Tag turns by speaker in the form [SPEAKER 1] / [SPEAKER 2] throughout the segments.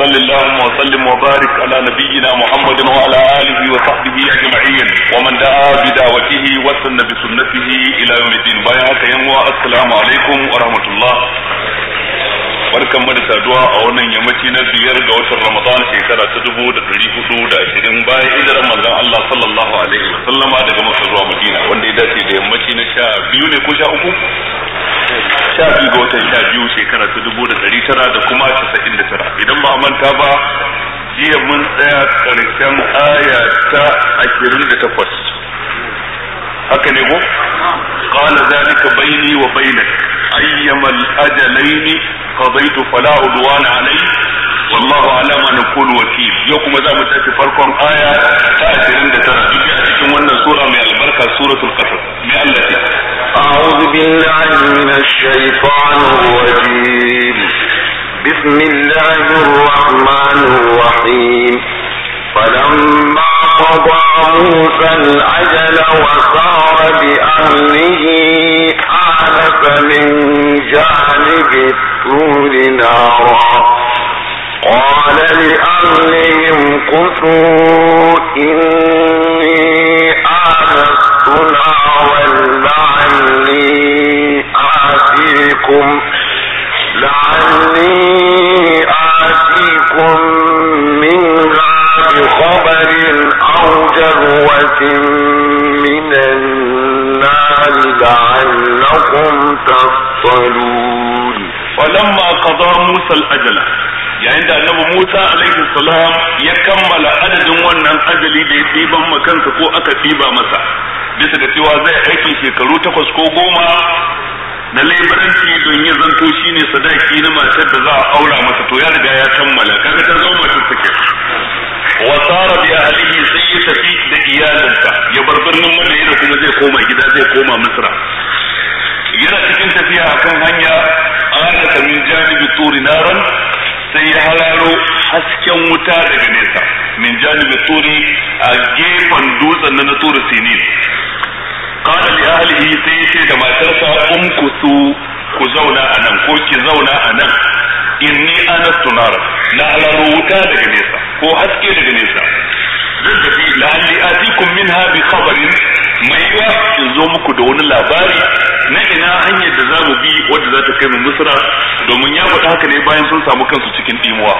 [SPEAKER 1] وصل اللهم وسلم وبارك على نبينا محمد وعلى اله وصحبه اجمعين ومن دعا بدعوته وسن بسنته الى يوم الدين بيعك ينوى السلام عليكم ورحمه الله barkan mu da saduwa a wannan yammaci na biyar ga watan Ramadan shekara ta dubu da dari hudu da ashirin bayan hijirar manzon Allah sallallahu alaihi wa sallama daga Makka zuwa Madina wanda ya dace da yammaci na sha biyu ne ko sha uku sha biyu ga watan sha biyu shekara ta dubu da ɗari tara da kuma casa'in da tara idan ba a manta ba jiya mun tsaya ƙarshen aya ta ashirin da takwas haka ne ko qala zalika baini wa bainak ayyama al-ajalain qadaytu fala udwana alayhi wallahu alama na nakunu wakil yau kuma za mu tafi farkon aya ta 29 duk a cikin wannan sura mai albarka suratul qasas
[SPEAKER 2] mai Allah أعوذ بالله من الشيطان الرجيم بسم الله الرحمن الرحيم فلما قضى موسى الأجل وسار بأهله آنف من جانب الطول نارا قال لأهلهم قتوا إني آنست
[SPEAKER 1] ya kammala adadin wannan ajali da ya ɗiban makansa ko aka ɗiba masa bisa da cewa zai aikin shekaru takwas ko goma na laibaranci don ya zanto shine sadaki na matar da za a aura masa to ya riga ya kammala kaga ta zama matar take wa sara bi ahlihi sai ya tafi da iyalinsa ya bar birnin Madina kuma zai koma gida zai koma Misra yana cikin tafiya akan hanya ana min janibi turi naran sai ya hararo hasken wuta daga nesa min janibi turi a gefen dutsen na turi sinin qala li ahlihi sai ce da matarsa umkusu ku zauna nan ko ki zauna anan ni ana tunar na hararo wuta daga nesa ko haske daga nesa zan tafi la'alli atikum minha bi khabarin mai yiwa in zo muku da wani labari na ina hanyar da za mu bi wadda za ta kai mu misra domin ya faɗa haka ne bayan sun samu kansu cikin dimuwa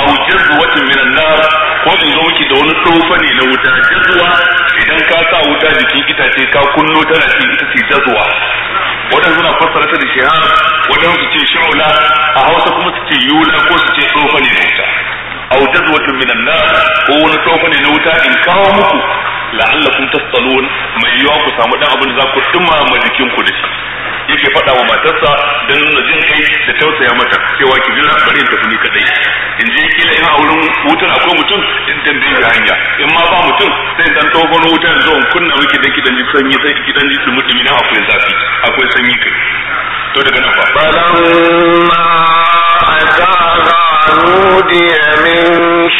[SPEAKER 1] aw jazwatin watan minan nar ko in zo miki da wani tsofa ne na wuta jazwa idan ka sa wuta jikin itace ka kunno tana cikin ita ce jazwa wadan suna fassara ta da shihar wadan su ce sha'ula a Hausa kuma su ce yula ko su ce tsofa ne na wuta aw jazwatun minan النار ko wani نوتا ne na wuta in kawo muku la'allakum tastalun mai yiwa ku samu dan abin da za ku dumama jikin ku da shi yake faɗa wa matarsa don nuna jin kai da tausaya mata cewa ki jira bari in tafi ni kadai in je kila in wurin wutar akwai mutum in tambaye ki hanya in ma ba mutum sai dan tsohon wutar zo in kunna miki dan sanyi sai kidan ji na akwai zafi akwai sanyi kai to daga nan
[SPEAKER 2] fa نودي من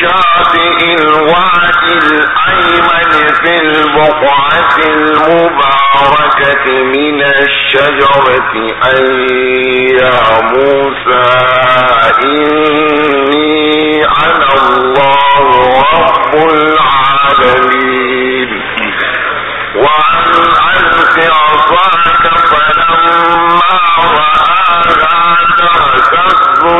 [SPEAKER 2] شاطئ الوعد الأيمن في البقعة المباركة من الشجرة أن يا موسى إني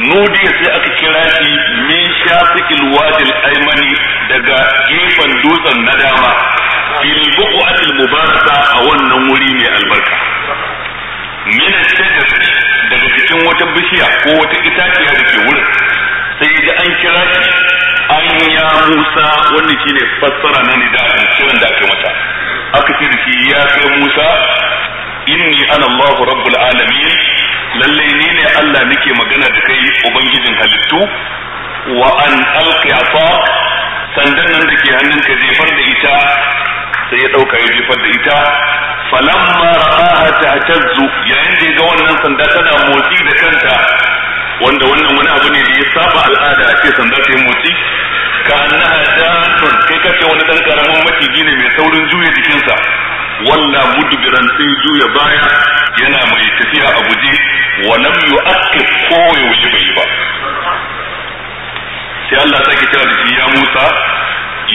[SPEAKER 1] nudiya sai aka kira shi min shafiqil wadil aymani daga gefen dutsen na dama bil buqatil mubarasa a wannan wuri mai albarka min shajar daga cikin wata bishiya ko wata itaciya da ke wurin sai da an kira shi an ya Musa wannan shine fassara na nida kiran da aka mata aka ce shi ya kai Musa inni ana allah rabbul alamin lallai ni ne Allah nake magana da kai ubangijin halittu wa an alqi asaq sandan nan da ke ka jefar da ita sai ya dauka ya jefar da ita falamma ra'aha ta'tazzu yayin da ga wannan sanda tana motsi da kanta wanda wannan wani abu ne da ya saba al'ada a ce sanda ta yi motsi ka annaha datun kai kace wani dan karamin maciji ne mai saurin juya jikinsa walla mudbiran sai juya baya yana mai tafiya a guje wa lam yu'aqqib ko waiwaye bai ba sai Allah ya sake kira da shi ya Musa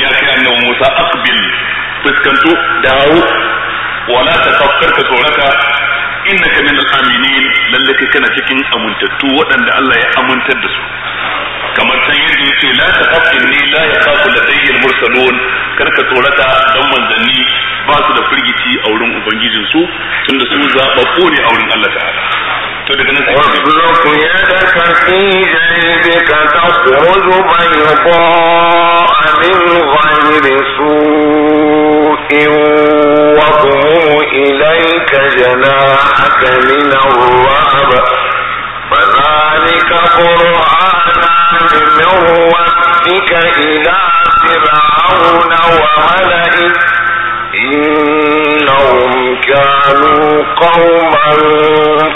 [SPEAKER 1] ya kai annabi Musa aqbil fuskanto dawo wala tafakkar ka tsoraka innaka min al-aminin lalle kai kana cikin amintattu waɗanda Allah ya amintar da su kamar san yadda yace la taqafin ni la yaqafu ladayya al-mursalun kar ka tsorata dan manzanni ba su da firgici a wurin ubangijin su tunda su zababbu ne a wurin Allah ta'ala
[SPEAKER 2] واسلك يدك في جيبك تخرج بيضاء من غير سوء واضم إليك جناحك من الرعب فذلك قرانا من ربك إلى فرعون وملئه إنهم كانوا قوما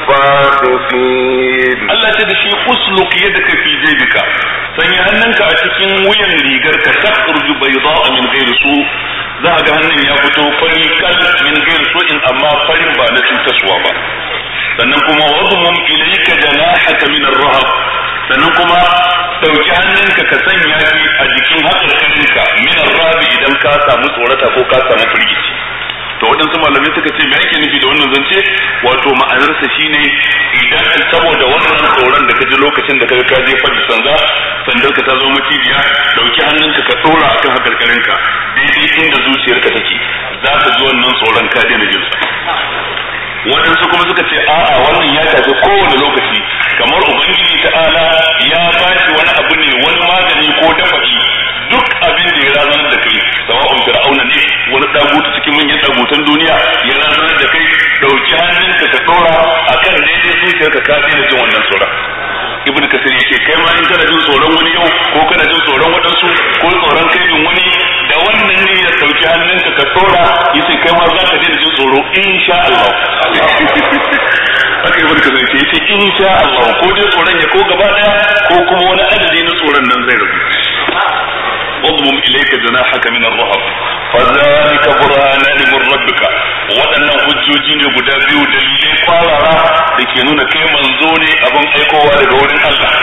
[SPEAKER 2] فاسقين الله تدشي أسلك يدك في جيبك sanya hannunka a cikin
[SPEAKER 1] wuyan rigar ka takhruju bayda'a min ghairi su za ga hannun ya fito fari kal min ghairi su in amma farin ba na cutaswa ba sannan kuma wadmum ilayka janahaka min ar-rahab sannan kuma dauki hannunka ka sanya shi a jikin hakarkarinka min rabi idan ka samu tsorata ko ka samu firgici to waɗansu malamai suka ce me ake nufi da wannan zance wato ma'anarsa shine idan saboda wannan tsoron da ka ji lokacin da kaga ka je fadi sanda sandar ka ta zama macibiya dauki hannunka ka tsora akan hakarkarinka daidai inda zuciyarka take za ka ji wannan tsoron ka daina jin waɗansu kuma suka ce a'a wannan ya tafi kowane lokaci kamar ubangiji ta'ala ya ba shi wani abu ne wani magani ko dafaki duk abin da ya razanar da kai sawa'un fir'auna ne wani dagutu cikin manyan dagutan duniya ya razanar da kai dauki hannun ka tsora akan daidai zuciyarka ka daina jin wannan tsora ibn kasir yake kai ma in kana jin tsoron wani yau ko kana jin tsoron waɗansu ko tsoron kai bin wani da wannan ne ya dauki hannunka ka tsora yace kai ma za ka daina jin tsoro insha Allah barka zai ce yace in sha Allah ko dai tsoron ya ko gaba daya ko kuma wani adadi na tsoron nan zai rabu اضمم اليك جناحك من الرهب فذلك burhana li rabbika waɗannan hujjoji ne guda biyu dalilai kwarara da ke nuna kai manzo ne abin aikowa daga wurin Allah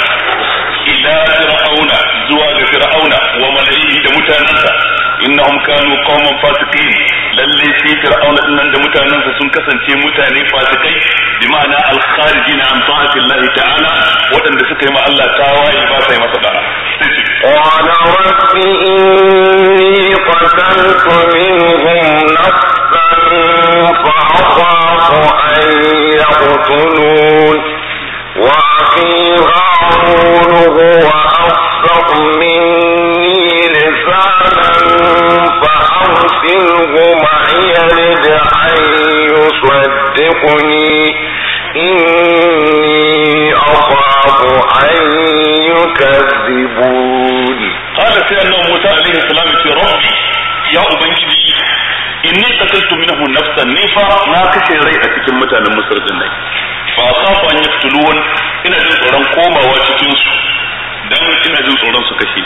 [SPEAKER 1] ila fir'auna zuwa ga fir'auna wa mala'ihi da mutanensa إنهم كانوا قوما فاسقين للي في فرعون إن عند متانسة سنكسن في متاني فاسقين بمعنى الخارجين عن طاعة الله تعالى وتن بسكر ما الله تعالى يباسي ما صدعنا قال رب إني قتلت منهم نفسا فأخاف أن يقتلون وأخي هارون هو أفضل أرسله معي لدع يصدقني إني أخاف أن يكذبون قال سيدنا موسى عليه
[SPEAKER 2] السلام في ربي يا أبنجي إني قتلت منه
[SPEAKER 1] نفسا نيفا ما كشي ريئة كم متى لم نصر الدنيا فأخاف أن يقتلون إن أجل أن قوم واجتنسوا dan ina jin tsoron su kashe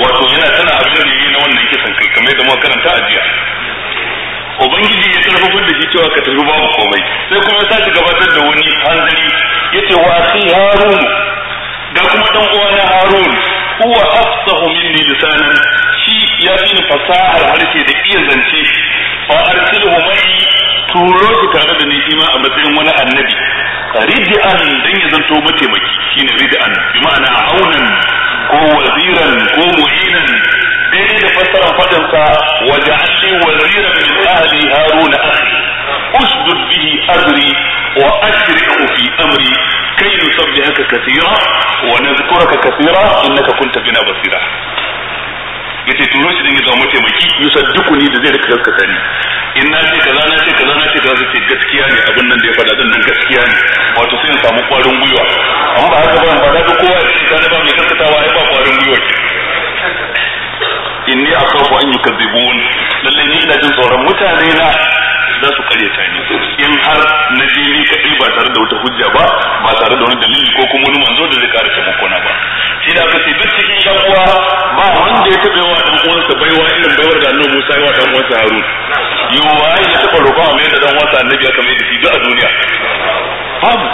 [SPEAKER 1] wato yana tana abin da yi na wannan kisan kai kamar da muka karanta a jiya ubangiji ya karfafar da shi cewa ka tafi babu komai
[SPEAKER 2] sai kuma ya sake gabatar da wani hanzari ya wa akhi harun da kuma dan na harun huwa afsahu
[SPEAKER 1] minni lisanan shi ya fi fasahar harshe da iya zance fa
[SPEAKER 2] arsilhu mai
[SPEAKER 1] turo shi tare da ni shi ma a matsayin wani annabi rid'an dan ya zanto mataimaki shine rid'an bi ma'ana aunan ko waziran ko mu'inan dai da fassara fadin sa waja'alni
[SPEAKER 2] waziran min ahli
[SPEAKER 1] haruna akhi usdud bihi azri wa ashriku fi amri كي نسبحك كثيرا ونذكرك كثيرا انك كنت بنا بصيرا yace turo shi dan ya zama mataimaki dukuni da zai rika gaskata ni in na ce kaza na ce kaza na ce kaza ce gaskiya ne abin nan da ya faɗa dinnan gaskiya ne wato sai in samu kwarin gwiwa amma ba haka ba ba za kowa ya ce ne ba mai gaskatawa ya ba kwarin gwiwa ke
[SPEAKER 2] inni akhafu an
[SPEAKER 1] yukazzibun lalle ni ina jin tsoron mutane na za su karyata ni in har na je ni kaɗai ba tare da wata hujja ba ba tare da wani dalili ko kuma wani manzo da zai kare taimako na ba shi da aka ce duk cikin yan uwa ba wanda ya taɓa yawa dan uwansa baiwa irin baiwar da annabi Musa ya wa uwan sa Harun yawa ya taɓa roƙa mai da dan sa annabi aka mai da shi a duniya babu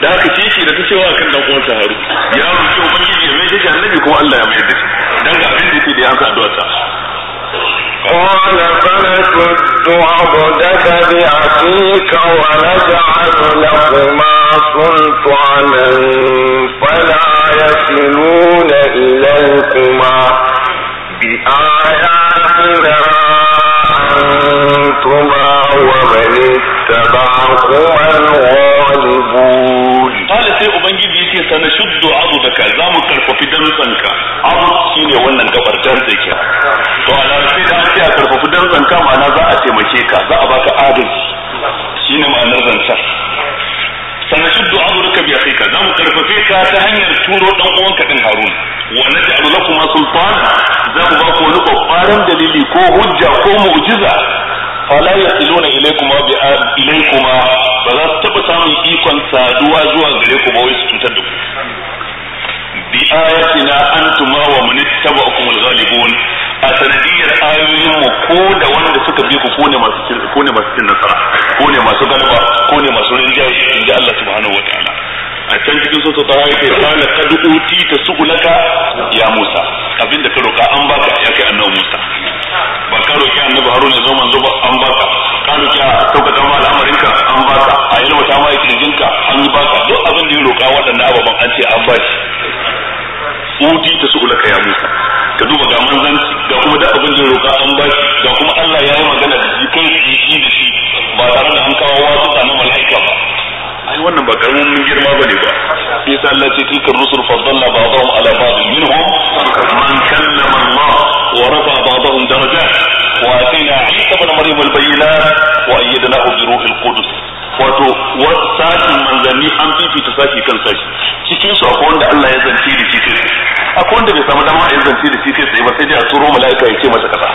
[SPEAKER 1] da ce shi da ta cewa kan dan sa Harun ya roƙi ubangiji ya mai da annabi kuma Allah ya mai da shi dan ga abin da yake da yansa addu'a
[SPEAKER 2] قال فنشد عبدك بأخيك ونجعل لهما سلطانا فلا يصلون إليكما بآياتنا أنتما ومن اتبعكما الغالبون
[SPEAKER 1] قال سيء da ka za mu karfafi dantsanka abu ne wannan gabar dantsa ke to a larabci da ake a karfafi dantsanka ma'ana za a taimake ka za a baka adalci ne ma'anar zancen shuddu abu da ka biya kai ka za mu ka ta hanyar turo dan uwanka din harun wa naj'alu sultan sultana mu ba ku wani babbaran dalili ko hujja ko mu'jiza fala yasiluna ilaykuma bi ilaykuma ba za su taba samun ikon saduwa zuwa gare ku ba wai ayatina antuma wa man ittaba'akum al-ghalibun a sanadiyar ayoyin mu ko da wanda suka bi ku ko ne masu ko ne masu cin nasara ko ne masu galaba ko ne masu rinjaye inda Allah subhanahu wa ta'ala a can cikin sosa ta yake kana kad uti ta su'ulaka ya Musa abinda ka roka an baka ya kai annabi Musa ba ka roki annabi Haruna zo manzo ba an baka ka roki saukata al'amarin ka an baka a yi wata mai kirjinka an yi baka duk abin da ya roka waɗannan ababan an ce an baki uti ta su'ulaka ya Musa ka duba ga manzanci ga kuma da abin da roƙa an ba ga kuma Allah ya yi magana da shi kai shi
[SPEAKER 2] da shi ba tare da an kawo wasu sanan mala'ika
[SPEAKER 1] ba ai wannan ba karamin girma bane ba sai sa Allah ce tilkar rusul faddalna ba'dahum ala ba'd minhum man kallama Allah wa rafa ba'dahum darajat wa atayna Isa ibn Maryam al-bayyinat wa ayyadnahu bi ruhil qudus wato sashin manzanni an fifita sashi kan sashi cikin su akwai wanda Allah ya zance da shi kai akwai wanda bai samu dama ya zance da shi kai sai ba sai dai a turo mala'ika ya ce masa kaza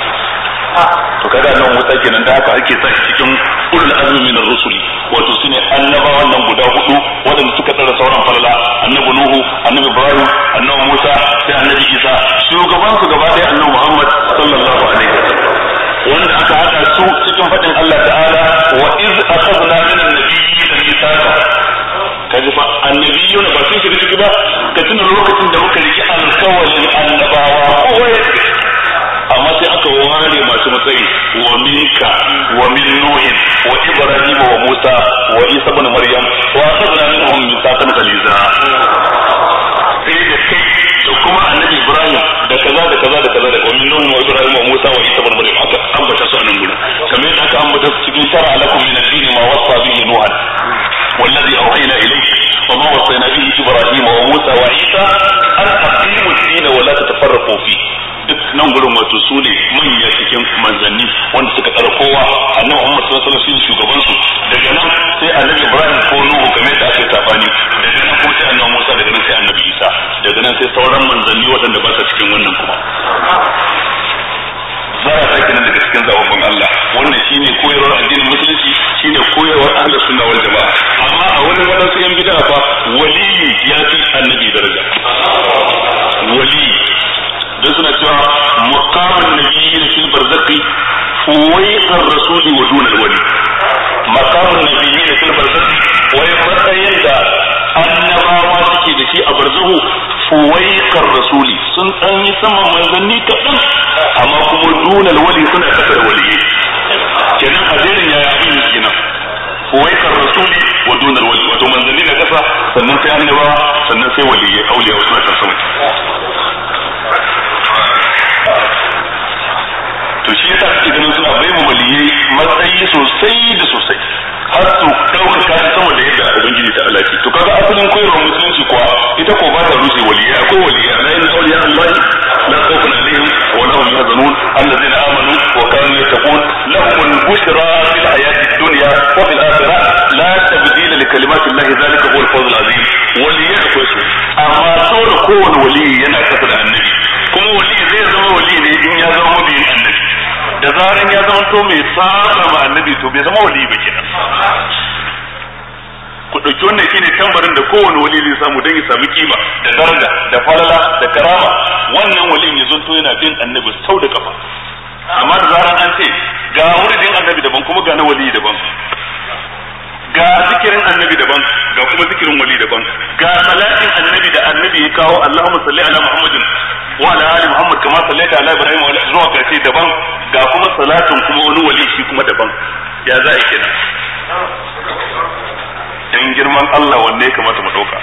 [SPEAKER 1] to kaga nan wata kenan da haka ake sashi cikin ulul azmi min rusuli wato sune annaba wannan guda hudu waɗanda suka tsara sauran falala annabi nuhu annabi ibrahim annabi musa sai annabi isa
[SPEAKER 2] shugaban su gaba ɗaya annabi muhammad sallallahu alaihi wasallam wanda aka hada su cikin faɗin Allah ta'ala wa iz akhadna min an-nabiyyi mithaqa
[SPEAKER 1] kaji fa annabiyuna ba sun shiga ciki ba ka tuna lokacin da muka riki alkawalin annabawa kowai amma sai aka ware masu matsayi wa minka wa min nuhin wa ibrahim wa musa wa isa ibn maryam wa akhadna minhum mithaqan ghaliza sai da
[SPEAKER 2] kai da kuma annabi ibrahim
[SPEAKER 1] da kaza da kaza da kaza da kuma nuhu wannan gurin wato su ne manya cikin manzanni wanda suka tsara kowa a nan Muhammad sallallahu alaihi wasallam shugaban su daga nan sai annabi Ibrahim ko Nuhu kamar yadda aka tafani daga nan kuma sai annabi Musa daga nan sai annabi Isa daga nan sai sauran manzanni waɗanda ba su cikin wannan kuma zara ta kenan daga cikin zababban Allah wannan shine koyarwar addinin musulunci shine koyarwar ahlus sunna wal jamaa amma a wani wadansu yan bid'a fa waliyi ya fi annabi daraja waliyi dan suna cewa maqamun nabiyyin fil barzaqi
[SPEAKER 2] fuwaiqar
[SPEAKER 1] rasuli wa dun al-wali maqamun nabiyyin fil barzaqi wai matsayin da annabawa suke da shi a barzahu fuwaiqar rasuli sun dan yi sama manzanni kaɗan amma kuma dun al-wali suna kasar waliyyi kenan a jerin yaya abin kenan fuwaiqar rasuli wa dun al-wali wato manzanni na kasa sannan sai annabawa sannan sai waliyyi auliya wasu na kasa to shi yasa suke ganin suna bai mu waliyai matsayi sosai da sosai har su ɗaukaka ta sama da yadda ubangiji ta Allah ce to kaga asalin koyarwar musulunci kuwa ita ko ba ta rushe waliyai akwai waliyai la ilaha illa Allah la khawfun alaihim wa la hum yahzanun alladhina amanu wa kanu yattaqun lahum al-bushra fil hayati ad-dunya wa fil akhirah la tabdila li kalimati Allah dhalika huwa al-fawz al-azim waliyai akwai su amma dole kowane waliyi yana kasa da annabi kuma waliyi zai zama waliyi ne in ya zama mabiyin annabi da zaran ya zama to mai sa'a ma annabi to bai zama wali ba kenan ku dauki wannan shine tambarin da kowane wali zai samu don ya sami kima da daraja da falala da karama wannan wali ya zonto yana bin annabi sau da kafa amma da zaran an ce ga din annabi daban kuma ga na wali daban ga zikirin annabi daban ga kuma zikirin wali daban ga salatin annabi da annabi ya kawo Allahumma salli ala Muhammadin wa ala ali Muhammad kama sallaita ala Ibrahim wa ala zuwa kace daban ga kuma salatin kuma wani wali shi kuma daban ya za a kenan in girman Allah wanne ya kamata mu dauka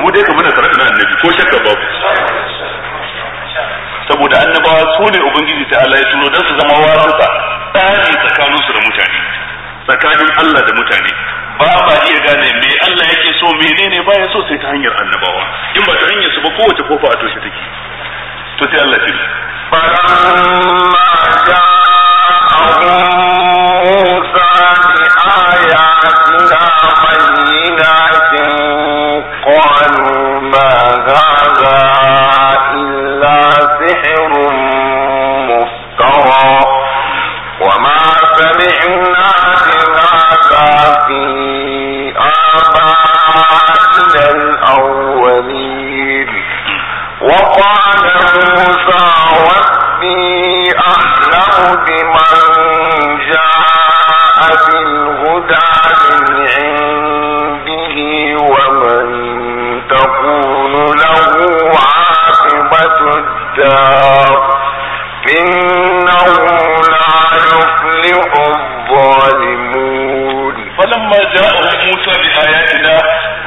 [SPEAKER 1] mu dai kamar da sarrafa annabi ko shakka babu saboda annabawa su ne ubangiji ta Allah ya tuno dan su zama warasa tsari tsakaninsu da mutane tsakanin Allah da mutane ba ba iya gane me Allah yake so menene baya so sai ta hanyar annabawa in ba ta hanyar su ba kowace kofa a toshe take to sai Allah ya
[SPEAKER 2] ga النار
[SPEAKER 1] إنه لا يفلح الظالمون فلما جاءهم موسى بآياتنا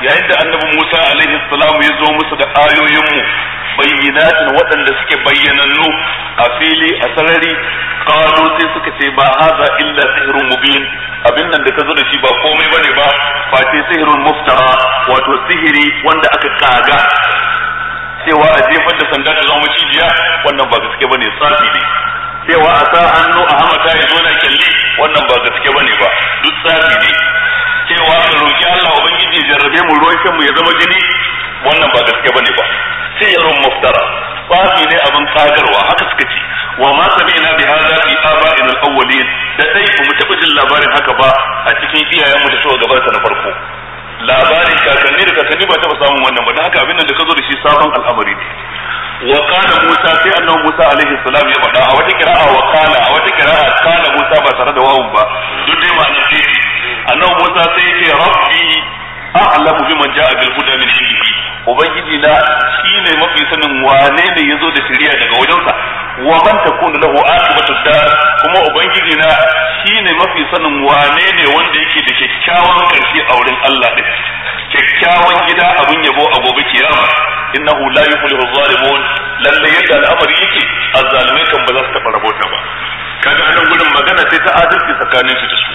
[SPEAKER 1] yayin da annabi Musa alaihi salam ya zo musu da ayoyinmu bayyinatin waɗanda suke bayyanannu a fili a sarari kawo sai suka ce ba haza illa sihirun mubin abin nan da ka zo da shi ba komai bane ba face sihirun muftara wato sihiri wanda aka kaga cewa a jefar da sanda ta zama cibiya wannan ba gaske bane sati ne cewa a sa hannu a hamata ya zo na kyalli wannan ba gaske bane ba duk sati ne cewa ka roki Allah ubangiji ya jarrabe mu ruwan shan mu ya zama jini wannan ba gaske bane ba sai ya sirrun muftara tsafi ne abin kagarwa haka suka ce wa ma sami'na bi hadha fi aba'in al-awwalin da dai mu taba jin labarin haka ba a cikin iyayen mu da suka na farko labarin kakanni da kakanni ba ta ba samun wannan ba don haka abin da ka zo da shi sabon al'amari ne wa kana musa sai annabi musa alaihi salam ya faɗa a wata kira'a wa kana a wata kira'a kana musa ba tare da wawun ba duk dai ma'anar ce annabi musa sai ya ce rabbi a'lamu biman ja'a bil huda min indihi ubangiji na shine mafi sanin wane ne yazo da shari'a daga wajensa wa man takunu lahu aqibatu dar kuma ubangiji na shine mafi sanin wane ne wanda yake da kyakkyawan karshe a wurin Allah din kyakkyawan gida abin yabo a gobe kiyama innahu la yuflihu zalimun lalle yadda al'amari yake azzalimai kan ba za su taba rabota ba kaga anan gurin magana sai ta adalci tsakanin su da su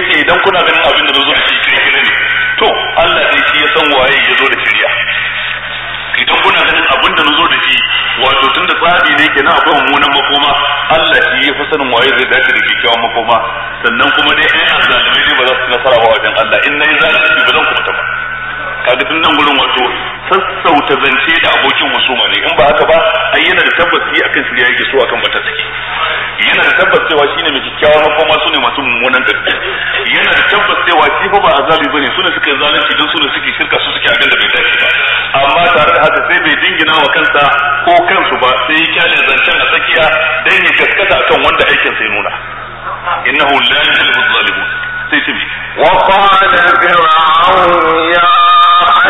[SPEAKER 1] yace idan kuna ganin abin da zo a cikin kire ne to Allah dai shi ya san waye ya zo da shirya idan kuna ganin abin da zo da shi wato tunda tsari ne kenan akwai mummunan makoma Allah shi ya fi sanin waye zai dace da kyakkyawan makoma sannan kuma dai ai azzalimai ne ba za su nasara ba wajen Allah in nayi zalunci ba zan kuma kaga tun nan gurin wato sassauta zance da abokin husuma ne in ba haka ba ai yana da tabbaci akan shirya yake so akan bata take yana da tabbas cewa shine mai kyakkyawan makoma su ne masu mummunan tafi yana da tabbas cewa shi fa ba azabi bane su ne suka zalunci don su ne suke shirka su suke abin da bai dace ba amma tare da haka sai bai dingina wa kansa ko kansu ba sai ya kyale zancen a tsakiya dan ya gaskata akan wanda aikin sai nuna innahu la yuhibbu zalimun sai ce وقال
[SPEAKER 2] فرعون يا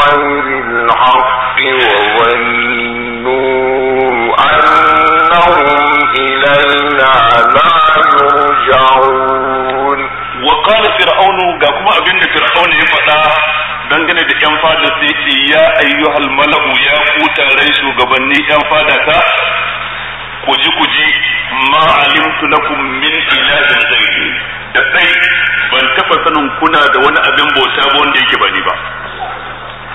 [SPEAKER 2] بغير الحق وظنوا أنهم إلينا لا يرجعون وقال فرعون قاكم أبن فرعون يفتا
[SPEAKER 1] dangane da ‘yan fada sai ya ayyuhal mala'u ya kuta rai shugabanni ‘yan fadata ta kuji kuji ma alimtu lakum min ilahin zai da ban taɓa sanin kuna da wani abin bauta ba wanda yake bani ba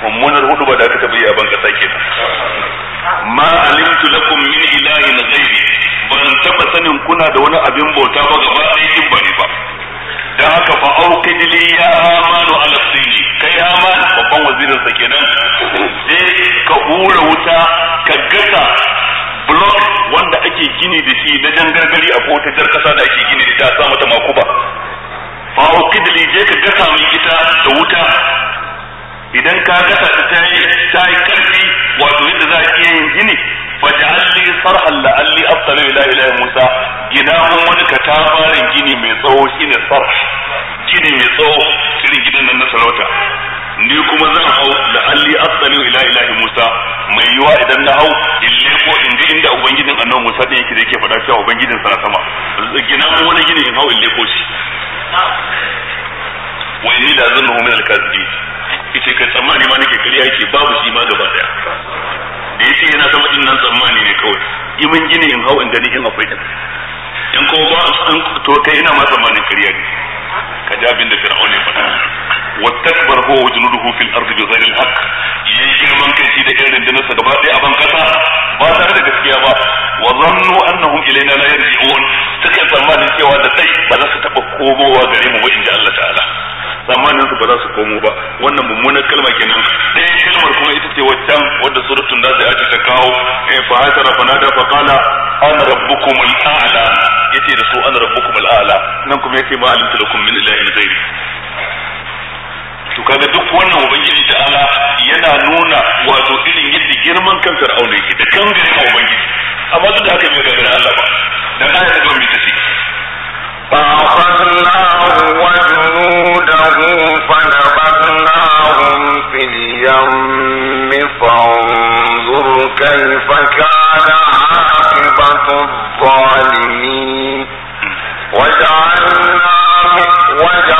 [SPEAKER 1] mummunar hudu ba da aka taɓa yi a ban ƙasa ta ma alimtu lakum min ilahin ghairi ban taba sanin kuna da wani abin bauta ba gaba aikin bari ba dan haka fa auqidli ya amanu ala sini kai aman babban wazirin sa kenan Sai ka hura wuta ka gasa block wanda ake gini da shi na jan gargari a kota jar kasa da ake gini da ta sa mata makuba fa kidili je ka gasa mai ita da wuta idan ka ga ta ta yi ta yi karfi wato yadda za a iya yin gini faj'alli sarhan la'alli afsalu ila ilahi Musa gina mun wani katafarin gini mai tsawo shine sarh gini mai tsawo shine gidan nan na sarauta ni kuma zan hau la'alli afsalu ila ilahi Musa mai yiwa idan na hau ille ko in ji inda ubangijin annabi Musa din yake da yake faɗa cewa ubangijin sana sama gina wani gini in hau ille ko shi wa inni la zannu min al-kadhibin yace kai tsammani ma nake kariya yake babu shi ma gaba daya da yace yana sama din nan tsammani ne kawai in mun gine in hau in gani in akwai din in ko ba to kai ina ma tsammanin kariya ne ka ji abin da fir'aun ya faɗa wastakbar huwa wa junuduhu fil ardi bi ghairi al haqq yayi girman kai shi da irin rindinarsa gaba daya a ban kasa ba tare da gaskiya ba wa zannu annahum ilaina la yarji'un suka tsammanin cewa da dai ba za su taɓa komowa gare mu ba inda Allah ta'ala tsammanin su ba za su komo ba wannan mummunan kalma kenan ɗaya kalmar kuma ita ce waccan wadda da zai ake ta kawo in eh, fa hasara fa nada da qala an rabbukum al-a'la yace da su ana rabbukum al-a'la nan kuma yace ma alimtu lakum min ilahin ghairi to kaga duk wannan ubangiji ala yana nuna wato irin yadda girman kan fir'auna yake da kan
[SPEAKER 2] gaskiya ubangiji amma duk da haka bai gagara Allah ba dan ayatu bi tafi fa akhadnahu wa كذبوا فنبذناهم في الظالمين وجعلنا وجعلنا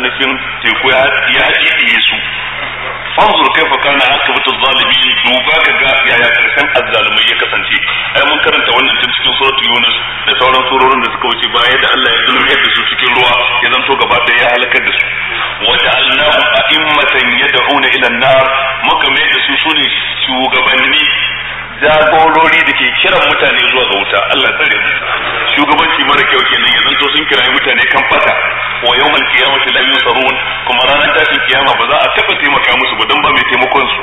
[SPEAKER 1] ainihin teku ya haɗiɗiye su fanzur kaifa kana akibatu zalimin duba ka ga yaya karshen azzalumai ya kasance ai mun karanta wannan tun cikin suratul yunus da sauran surorin da suka wuce baya da Allah ya zulmi da su cikin ruwa ya zanto gaba da ya halakar da su wa ja'alnahum a'immatan yad'una ila an-nar muka mai da su sune shugabanni jagorori da ke kiran mutane zuwa ga wuta Allah tsare mu shugabanci mara kyau kenan yanzu to sun kirayi mutane kan fata wa yawmal qiyamati la yunsarun kuma ranar tashin kiyama ba za a taɓa taimaka musu ba dan ba mai taimakon su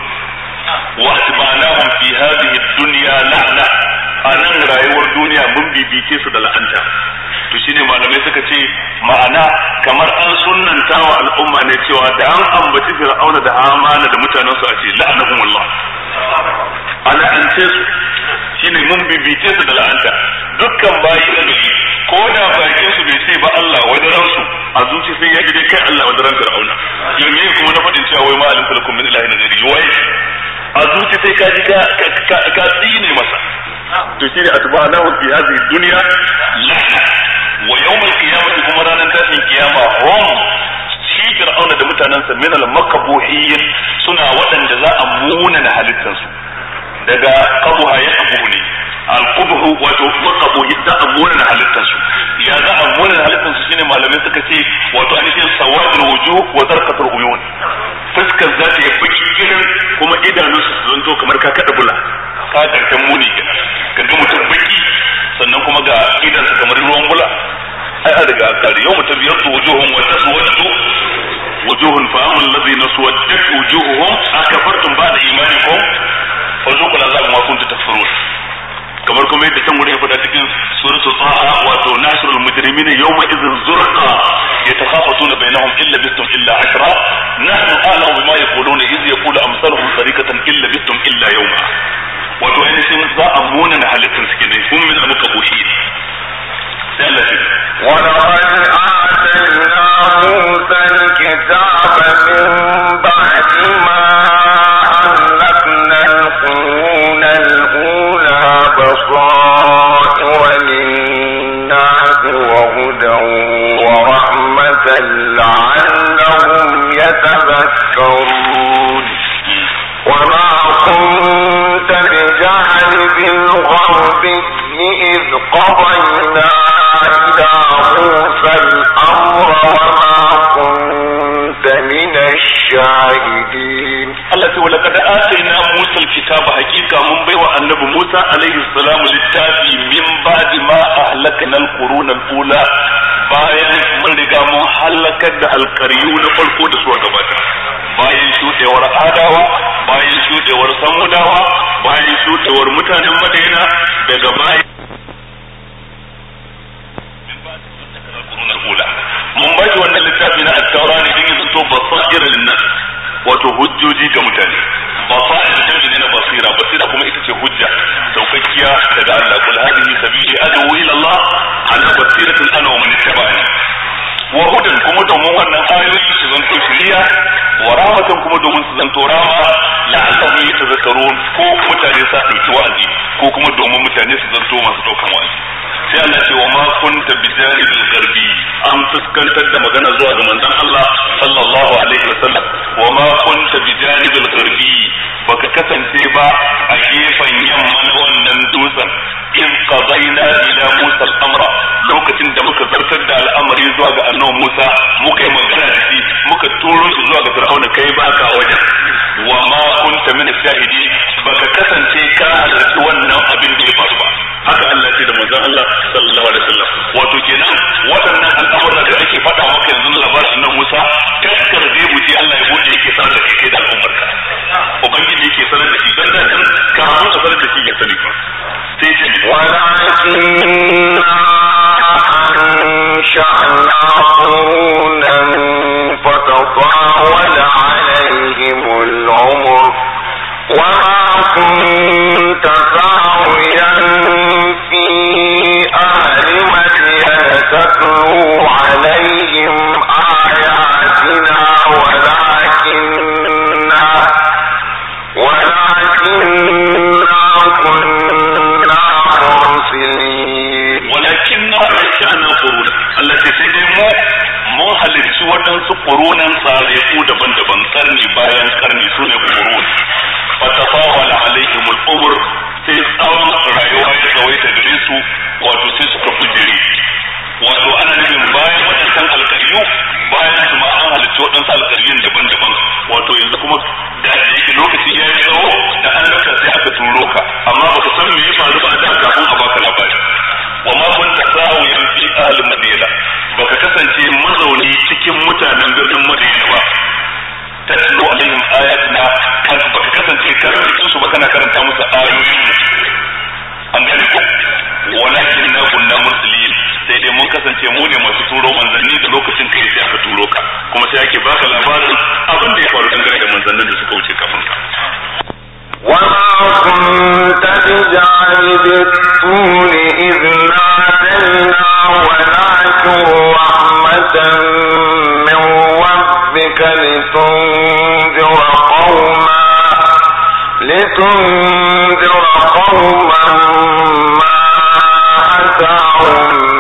[SPEAKER 1] wa atba'nahum fi hadhihi dunya la'na anan rayuwar duniya mun bibice su da la'anta to shine malamai suka ce ma'ana kamar an sunnanta wa al'umma ne cewa da an ambaci fir'auna da amana da mutanen su a ce la'anahumullah ana an ce su shine mun bibice su da la'anta dukkan bayi da ko da bakin su bai ce ba Allah wajen ransu a zuci sai ya gide kai Allah wajen ran fir'auna yau ne kuma na faɗin cewa wai ma alimta lakum min ilahin ghairi wai a zuci sai ka ji ka masa to shine atba'na hu fi hadhihi dunya wa yawm al-qiyamati kuma ranar tashin kiyama hum shi fir'auna da mutanansa min al-makbuhin suna waɗanda za a munana halittansu daga ya yaqbuhu ne alqubhu wato maqabu yadda amunan halittar su ya za amunan halittar su shine malamai suka ce wato an ce sawadul wujuh wa zarqatul uyun fuskar za ta yi baki irin kuma idanun su zanto kamar ka kada bula ka tarkan muni ka ga mutum baki sannan kuma ga idan su kamar ruwan bula ai a daga akari yau mutum biyar su wujuhun wa taswadu wujuhun fa'amul ladhi naswajjat naswaddat wujuhuhum akafartum ba'da imanikum وذوقوا العذاب ما كنتم تكفرون كما كما يتكلم وريه فتاتك سورة طه واتو ناشر المجرمين يومئذ زرقا يتخافتون بينهم إلا بيتم إلا عشرة نحن أعلم بما يقولون إذ يقول أمثالهم طريقة إلا بيتم إلا يوما wato ainihin sun za a muna na halittar suke ne kun min abu ka koshi
[SPEAKER 2] ne sai Allah وبشرى وللناس وهدى ورحمة لعلهم يتذكرون وما كنت بجانب الغربي إذ قضينا إلى موسى الأمر وما كنت من الشاهدين Allah ce wala kada atayna
[SPEAKER 1] Musa kitaba hakika mun baiwa annabi Musa alayhi salam littafi min ba'di ma ahlakna al-quruna al-ula bayan mun riga mun halaka da alkaryu na farko da suka gabata bayan shudewar adawa bayan shudewar samudawa bayan shudewar mutanen madaina daga bayan mun ba shi wannan littafi na al taura ne din yanzu to basira lin-nas wato hujjoji ga mutane basair da tanzu na basira basira kuma ita ce hujja saukakkiya daga Allah kul hadhihi sabili adu ila Allah ala basiratin ana wa man ittaba'ani wa hudan kuma domin wannan ayoyi su zanto shiriya wa rahmatan kuma domin su zanto rahama la'allahum yatazakkarun ko mutane sa dauki wa'azi ko kuma domin mutane su zanto masu daukan wa'azi sai Allah ce wa ma kunta bi janibil garbi an fuskantar da magana zuwa ga manzon Allah sallallahu alaihi wasallam wa ma kunta bi janibil garbi baka kasance ba a gefen yamma wannan dutsen in qadaina ila Musa al-amra lokacin da muka zartar da al'amari zuwa ga annabi Musa muka yi magana da shi muka turo shi zuwa ga Fir'auna kai ba ka wajen wa ma kunta min shahidi baka kasance ka halarci wannan abin da ya faru ba haka Allah ce da manzon Allah sallallahu alaihi wasallam wato kenan waɗannan al'amuran da ake faɗa maka yanzu na labarin nan Musa kaskar zai buji Allah ya bude yake sanar da kai da al'ummar ka ubangiji yake
[SPEAKER 2] sanar da shi dan da kan ka hawo ka sanar da shi ya sani ba sai ce wala أنشأنا قرونا فتطاول عليهم العمر وما كنت ساويا في
[SPEAKER 1] waɗansu ƙurunan tsariku daban-daban karni bayan karni su ne ƙurun fatafawala alaihim al'umur sai tsawon rayuwa ya tsawaita gare su wato sai suka fujiri wato ana nufin bayan waɗansan alƙaryu bayan su ma an halittu waɗansu alƙaryun daban-daban wato yanzu kuma kuma sai ake baka labarin abin da ya faru dangane da manzannin da suka wuce kafin ka
[SPEAKER 2] وما كنت تجعل بالطول إذ نادينا ولكن رحمة من ربك لتنذر قوما لتنذر قوما ما أتاهم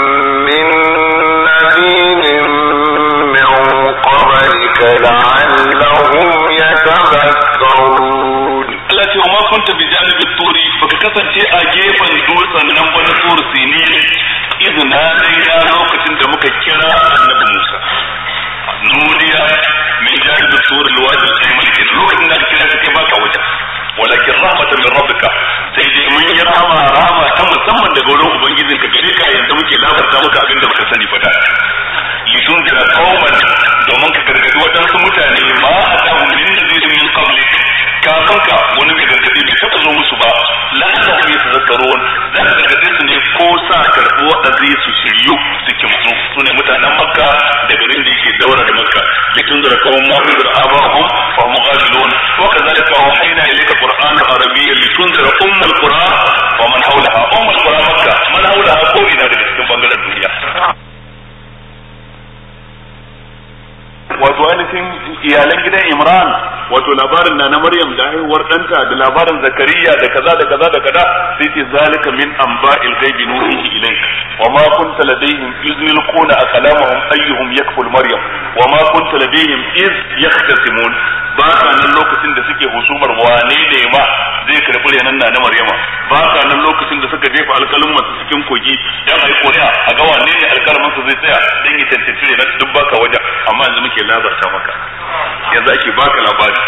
[SPEAKER 2] لعلهم يتذكرون
[SPEAKER 1] التي وما كنت
[SPEAKER 2] بجانب الطور فككسن شيء أجيبا دوسا
[SPEAKER 1] نمبر طور سنين إذن هذا إلى وقت دمك كرا النبي موسى نودي من جانب الطور الوادي الأيمن كنا لوقت إنك كنا كما كوجه ولكن رحمة من ربك سيدي من يرحم رحمة كما سمن دقولوه بنجزل كبيرك يندمك لا فرتا مك أبن دمك سني فتاة litunzira qauman domin ka gargadi waɗansu mutane ma atahum min nadirin min qablik kafin ka wani mai gargadi bai taɓa zo musu ba la'allahum yatazakkarun za ka gargade su ne ko sa karɓi wa'azi su shiryu su kimtsu su ne mutanen makka da garin da yake daura da makka litunzira qauman ma unzira abahum fa hum ghafilun wa kadhalika awhayna ilayka qur'anan arabiyyan litunzira umma al-qura wa man hawlaha umma al-qura makka man hawlaha iyalan gidan Imran wato labarin na na Maryam da haihuwar ɗanta da labarin Zakariya da kaza da kaza da kaza sai ce zalika min anba'il ghaibi nuhihi ilayk wa ma kunta ladayhim iz yulquna aqlamahum ayyuhum yakful Maryam wa ma kunta ladayhim iz yahtasimun ba ka nan lokacin da suke husumar wane ne ma zai karɓi yanan na na maryama ba ka nan lokacin da suka jefa alƙalin masu cikin kogi dan ai kuri'a a ga wane ne alƙalin su zai tsaya dan ya tantance ne duk baka wajen amma yanzu muke labarta maka yanzu ake baka labari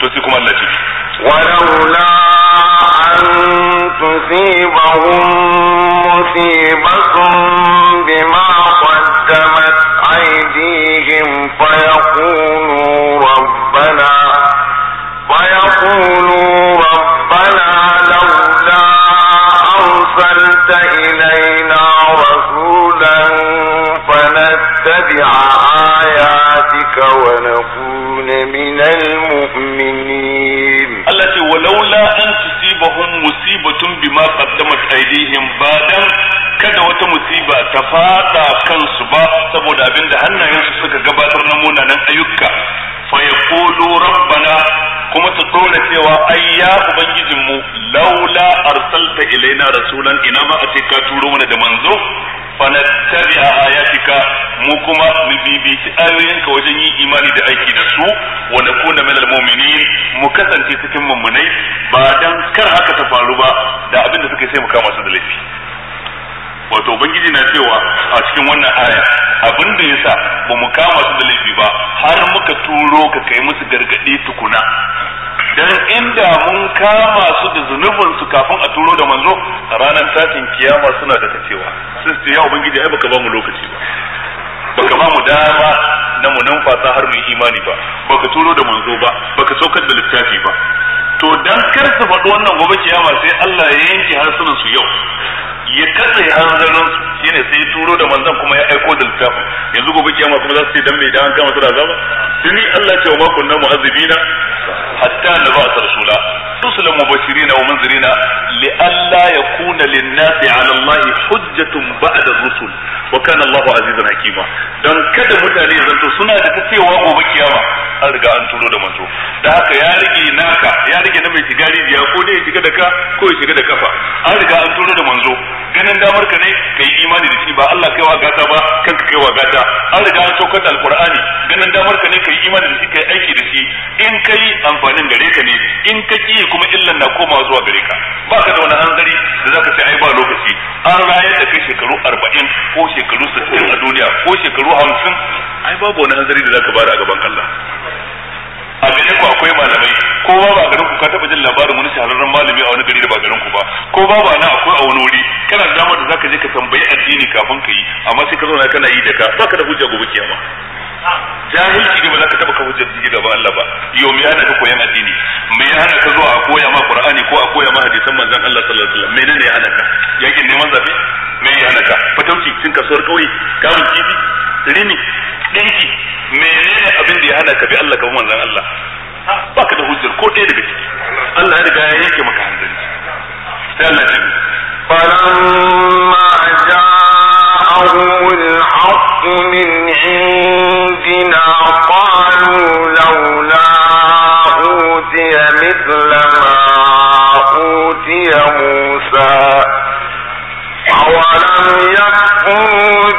[SPEAKER 1] to sai kuma Allah ce
[SPEAKER 2] walaula an tusibahum musibatun bima qaddamat aydihim fayaqulu إلينا رسولا فنتبع آياتك ونكون من المؤمنين التي
[SPEAKER 1] ولولا أن تصيبهم مصيبة بما قدمت أيديهم بعدا kada wata musiba ta fada kansu ba saboda abin da hannayensu suka gabatar na munanan ayyuka fa yaqulu rabbana kuma su dole cewa ai ya ubangijin mu laula arsalta ilaina rasulan ina ma a ce ka turo mana da manzo na a ayatika mu kuma mu ayoyin ka wajen yin imani da aiki da su wa nakuna min almu'minin mu kasance cikin mummunai ba dan kar haka ta faru ba da abin da suka sai mu kama su da laifi wato ubangiji na cewa a cikin wannan aya abin da yasa ba mu kama su da laifi ba har muka turo ka kai musu gargaɗi tukuna
[SPEAKER 2] dan inda
[SPEAKER 1] mun kama su da zunubin su kafin a turo da manzo ranar takin kiyama suna da tacewa sun ce ya ubangiji ai baka ba mu lokaci ba baka ba mu dama na mu numfasa har mu imani ba baka turo da manzo ba baka saukar da littafi ba to dan kar su faɗi wannan gobe kiyama sai Allah ya yanke harsunan su yau ya katse hanzarin su shine sai ya turo da manzon kuma ya aiko da littafin yanzu gobe kiyama kuma za su ce dan mai da an kama su da azaba tuni Allah ce wa ma kunna mu'azzibina hatta naba'a rasula رسلا مبشرين ومنذرين لئلا يكون للناس على الله حجة بعد الرسل وكان الله عزيزا حكيما دان kada mutane zanto سنة تتسي وابو بكياما gobe أن تلو دمانتو داك turo ناكا manzo نمي تقالي ya rige naka ya rige na mai shiga rijiya ko dai ya da ka ganin damar ka ne kai imani da shi ba Allah kaiwa gata ba kanka kaiwa gata an riga an saukar da alqur'ani ganin damar ka ne kai imani da shi kai aiki da shi in kai amfanin gare ka ne in ka ki kuma illan na komawa zuwa gare ka ba ka da wani hanzari da zaka ce ai ba lokaci an raye da kai shekaru 40 ko shekaru 60 a duniya ko shekaru 50 ai babu wani hanzari da zaka bada a gaban Allah a gare ku akwai malamai ko ba ba garin ku ka taba jin labarin wani shahararren malami a wani gari da ba garin ku ba ko ba ba na akwai a wani wuri kana da dama da zaka je ka tambayi addini kafin ka yi amma sai ka zauna kana yi da ka baka da hujja gobe kiyama jahilci ne ba za ka taba kawo jirgi gaba Allah ba yau me hana ka koyan addini me ya hana ka zuwa a koya ma Qur'ani ko a koya ma hadisan manzon Allah sallallahu alaihi wasallam menene ya hana ka yakin neman zabe me ya hana ka fatauci ka kasuwar kauye kamun kifi rini dinki menene abin da ya hana ka bi Allah ka manzon Allah ba ka da hujjar ko ɗaya daga ciki
[SPEAKER 2] Allah ya riga ya yanke
[SPEAKER 1] maka hanzari sai Allah ya ce
[SPEAKER 2] falamma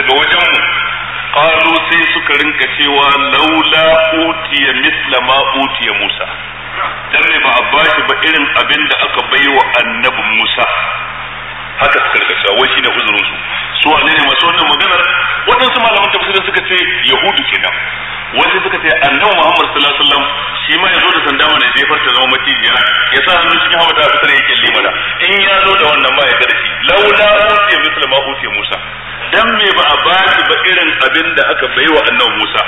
[SPEAKER 1] daga wajenmu qalu sai suka rinka cewa laula utiya misla ma utiya Musa dan ne ba a shi ba irin abin da aka baiwa annabi Musa haka suka rika cewa wai shine uzurin su su wane ne masu wannan maganar waɗansu malaman tafsirin suka ce yahudu kenan wanda suka ce annabi Muhammad sallallahu alaihi wasallam shi ma yazo da sanda mana jefar ta zama macijiya ya sa hannun cikin hawa ta fitar yake limana in ya zo da wannan ba ya garfi laula utiya misla ma utiya Musa dan me ba a ba shi ba irin abin da aka baiwa annabi Musa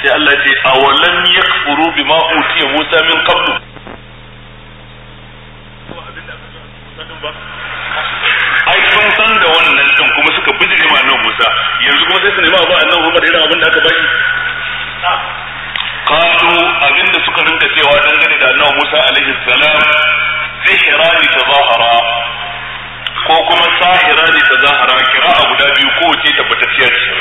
[SPEAKER 1] sai Allah ya ce awalan yakfuru bima utiya Musa min qablu ai sun san da wannan din kuma suka bijire ma annabi Musa yanzu kuma sai su nema ba annabi Muhammad irin abin da aka bashi qalu abinda suka rinka cewa dangane da annabi Musa alaihi salam sihirani zahara, ko kuma ta zahara kira abu guda biyu ko ce tabbatacciya ce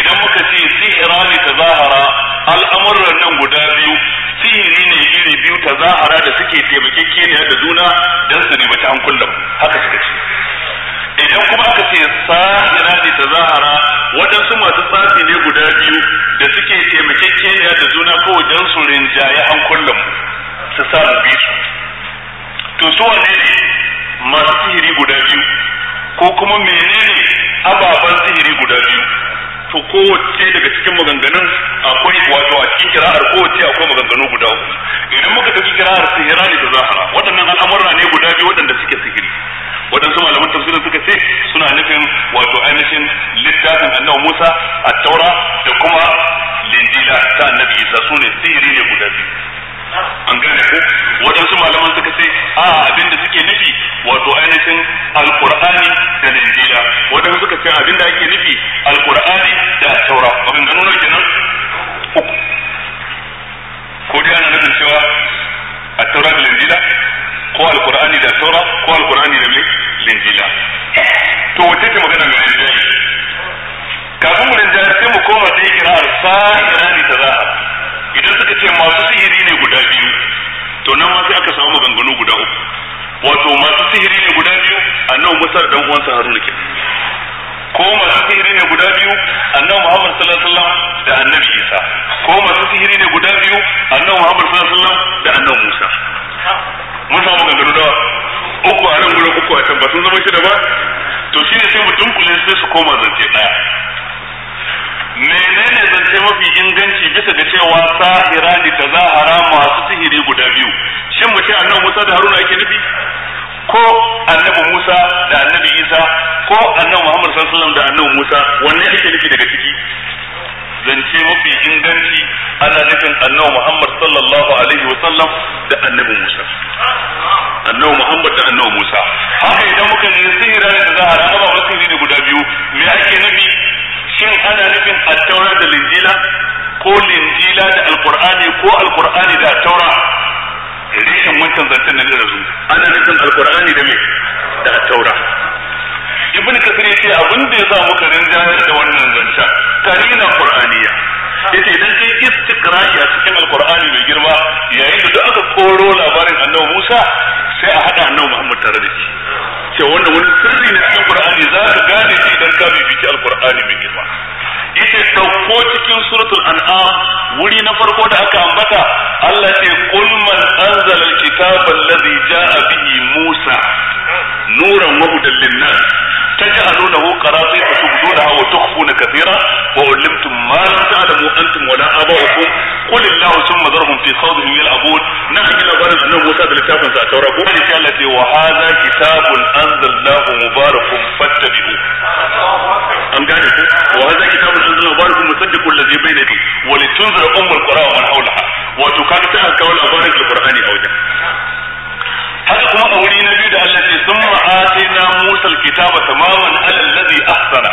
[SPEAKER 1] idan muka ce ta zahara, al'amuran nan guda biyu sihiri ne iri biyu zahara da suke taimakekeniya da juna dan su ribaci hankulan haka suka ce idan kuma aka ce sahira ne ta zahara waɗansu masu tsafi ne guda biyu da suke taimakekeniya da juna ko wajen su rinjaye an kullum su sa mu bi su to su wane ne masu sihiri guda biyu ko kuma menene ababen sihiri guda biyu to kowace daga cikin maganganun akwai wato a cikin kira'ar kowace akwai maganganu guda uku idan muka tafi kira'ar sihira ne ta zahara waɗannan al'amura ne guda biyu waɗanda suke sihiri waɗansu malaman tafsirin suka ce suna nufin wato ainihin littafin annabi Musa a taura da kuma linjila ta annabi Isa su ne sihiri ne guda biyu an gane ko waɗansu malaman suka ce a abin da suke nufi wato ainihin alkur'ani da linjila waɗansu suka ce abin da ake nufi alkur'ani da taura maganganu ne kenan ko dai ana nufin cewa a taura da linjila ko alkur'ani da Tora, ko alkur'ani da linjila to wace ce magana mai rinjaye kafin mu rinjila sai mu koma sai kira'ar sa'ira ne ta za'a idan suka ce masu sihiri ne guda biyu to nan ma sai aka samu maganganu guda uku wato masu sihiri ne guda biyu annabi Musa da dan uwansa Haruna ke ko masu sihiri ne guda biyu annabi Muhammad sallallahu alaihi wasallam da annabi Isa ko masu sihiri ne guda biyu annabi Muhammad sallallahu alaihi wasallam da annabi Musa mun samu gangano da uku a nan gurin uku a can ba sun zama shida ba to shi ne sai mutum kullum sai su koma zance ɗaya
[SPEAKER 2] menene zance mafi
[SPEAKER 1] inganci bisa ga cewa sahira ne ta zahara masu sihiri guda biyu shin mu ce annabi Musa da Haruna yake nufi ko annabi Musa da annabi Isa ko annabi Muhammad sallallahu alaihi wasallam da annabi Musa wanne yake nufi daga ciki zance mafi inganci ana nufin annabi Muhammad sallallahu alaihi wa sallam da annabi Musa annabi Muhammad da annabi Musa haka idan muka ji sihira da za a raba wasu ne guda biyu me ake nufi shin ana nufin at-taura da linjila ko linjila da alqur'ani ko alqur'ani da taura Rishin wancan zancen na da ana nufin alqur'ani da me da taura ibn kasir yace abin da yasa muka rinjayar da wannan zanta karina qur'aniya yace idan kai istiqra'i a cikin alqur'ani mai girma yayin da duk aka koro labarin annabi Musa sai a hada annabi Muhammad tare da shi ce wanda wani sirri ne cikin qur'ani za ka gane shi idan ka bibiki alqur'ani mai girma yace sauko cikin suratul an'am wuri na farko da aka ambata Allah ce kul man anzala alkitaba alladhi ja'a bihi Musa nuran wa hudan تجعلونه قراطي فتبدونها وتخفون كثيرا وعلمتم ما لم تعلموا انتم ولا اباؤكم قل الله ثم ذرهم في خوضهم يلعبون نحن الى بارز بن موسى بالكتاب انت اتوركم التي وهذا كتاب انزلناه مبارك فاتبعوه. ام وهذا كتاب انزلناه مبارك مصدق الذي بين يدي ولتنذر ام القرى ومن حولها وتكاكتها كون ابارز القران اوجه haka kuma a wuri na biyu da Allah ce sun na Musa alkitaba tamaman alal ladhi ahsana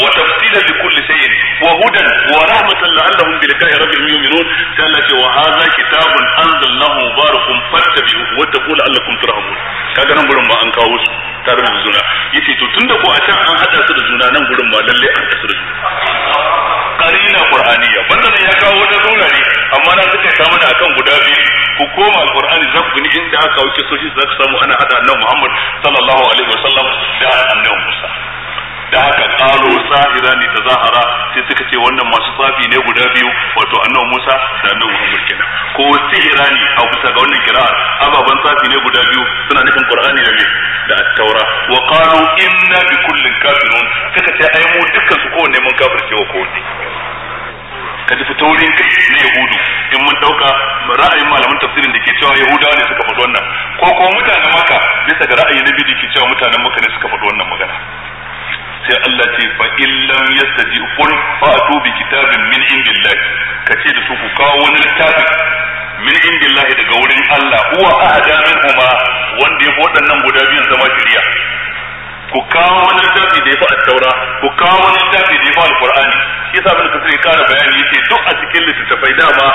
[SPEAKER 1] wa tafsila li kulli shay'in wa hudan wa rahmatan la'allahum bi liqa'i rabbihim yu'minun sai Allah ce wa hadha kitabun anzalnahu mubarakun fattabi'uhu wa taqulu la'allakum turhamun kaga nan gurin ba an kawo su tare da juna yace to tunda ko a can an hada su da juna nan gurin ba lalle an hada su da juna qarina qur'aniyya wannan ya kawo da zaurare ku koma alqur'ani za ku gani inda aka wuce soshi za ku samu ana hada annabi Muhammad sallallahu alaihi wasallam da annabi Musa da haka karo sahira ne ta sai suka ce wannan masu safi ne guda biyu wato annabi Musa da annabi Muhammad kenan ko sihira ne a bisa ga wannan kira'ar ababan safi ne guda biyu suna nufin Qur'ani da me da at-taura wa qalu inna bi kullin kafirun suka ce ai mu dukkan su kowanne mun kafirce wa kowanne ka tafi ta wurin kai na yahudu in mun dauka ra'ayin malaman tafsirin da ke cewa yahudawa ne suka faɗi wannan ko ko mutanen maka bisa ga ra'ayi na biyu ke cewa mutanen maka ne suka faɗi wannan magana sai Allah ce fa illam yastaji qul fa'tu bi kitabin min indillahi kace da su ku kawo wani littafi min indillahi daga wurin Allah huwa ahada minhuma wanda ya waɗannan guda biyun zama shari'a ku kawo wani littafi da ya fi attaura ku kawo wani littafi da ya fi alqur'ani yasa abin da kasance kara bayani ce duk a cikin littattafai dama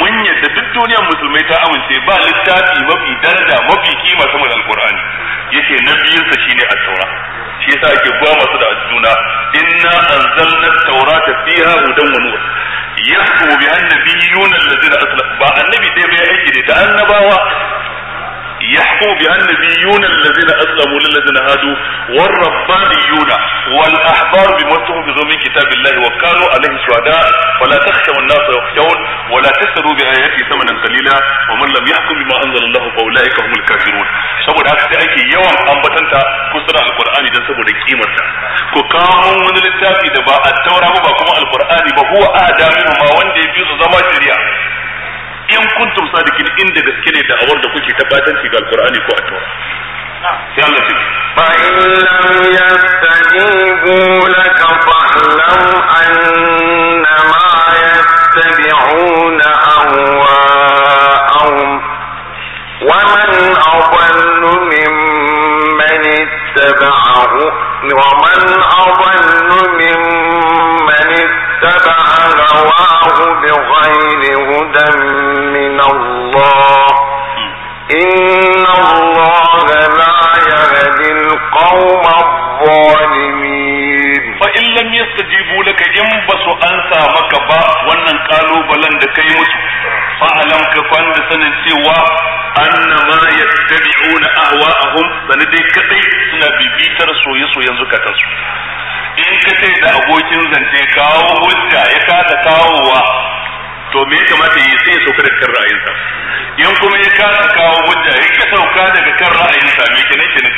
[SPEAKER 1] mun yadda duk duniyar musulmai ta amince ba littafi mafi daraja mafi kima sama da alqur'ani yace na biyunsa shi ne attaura shi yasa ake gwama masu da juna inna anzalna at-taurata fiha hudan wa nur yahkum biha an alladhina aslamu ba annabi dai bai aiki da annabawa يحكم بها النبيون الذين اسلموا للذين هادوا والربانيون والاحبار بما تحفظوا من كتاب الله وكانوا عليه شهداء فلا تخشوا الناس يخشون ولا تشتروا باياتي ثمنا قليلا ومن لم يحكم بما انزل الله فاولئك هم الكافرون saboda haka sai ake yawan ambatanta kusurar alkur'ani dan saboda kimarta ku kawo wani littafi da ba a taura ba kuma alkur'ani ba huwa ada ma wanda ya fi su zama shari'a in kuntum sadikin inda gaske ne da awar da kuke tabbatanci ga alkur'ani ko a tora
[SPEAKER 2] sai Allah ce fa in lam yastaqi
[SPEAKER 1] wannan kalubalen da kai musu fa'alam ka kwanda sanin cewa annama yattabi'una ahwa'ahum dai kadai suna bibitar soye-soyen zukatansu in ka ce da abokin zance kawo hujja ya kada kawowa to me ya kamata yi sai ya sauka da kan ra'ayinsa in kuma ya kasa kawo hujja ya ka sauka daga kan ra'ayinsa me kenan kenan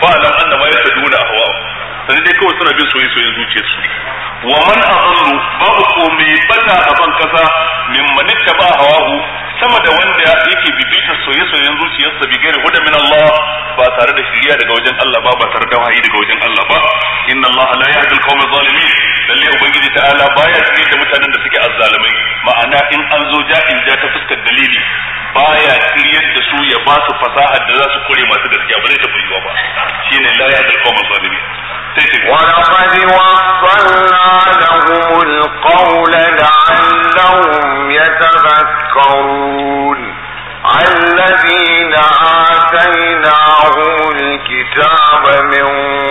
[SPEAKER 1] fa'alam annama yattabi'una ahwa'ahum sai dai kawai suna bin soyayya soyayya su wa man adallu babu ko mai bata a ban kasa mimman ittaba hawahu sama da wanda yake bibitar soye-soyen zuciyarsa bi gairi huda min Allah ba tare da shiriya daga wajen Allah ba ba tare da wahayi daga wajen Allah ba inna Allah la yahdi al-qawm zalimin lalle ubangiji ta'ala baya tare da mutanen da suke azzalimai ma'ana in an zo ja'in ja ta fuskar dalili baya tiryar da su ya ba su fasahar da za su kore masu gaskiya ba zai taɓa yiwa ba
[SPEAKER 2] shine la yahdi al-qawm zalimin sai ce wa laqad wasalna لهم القول لعلهم يتذكرون الذين آتيناهم الكتاب من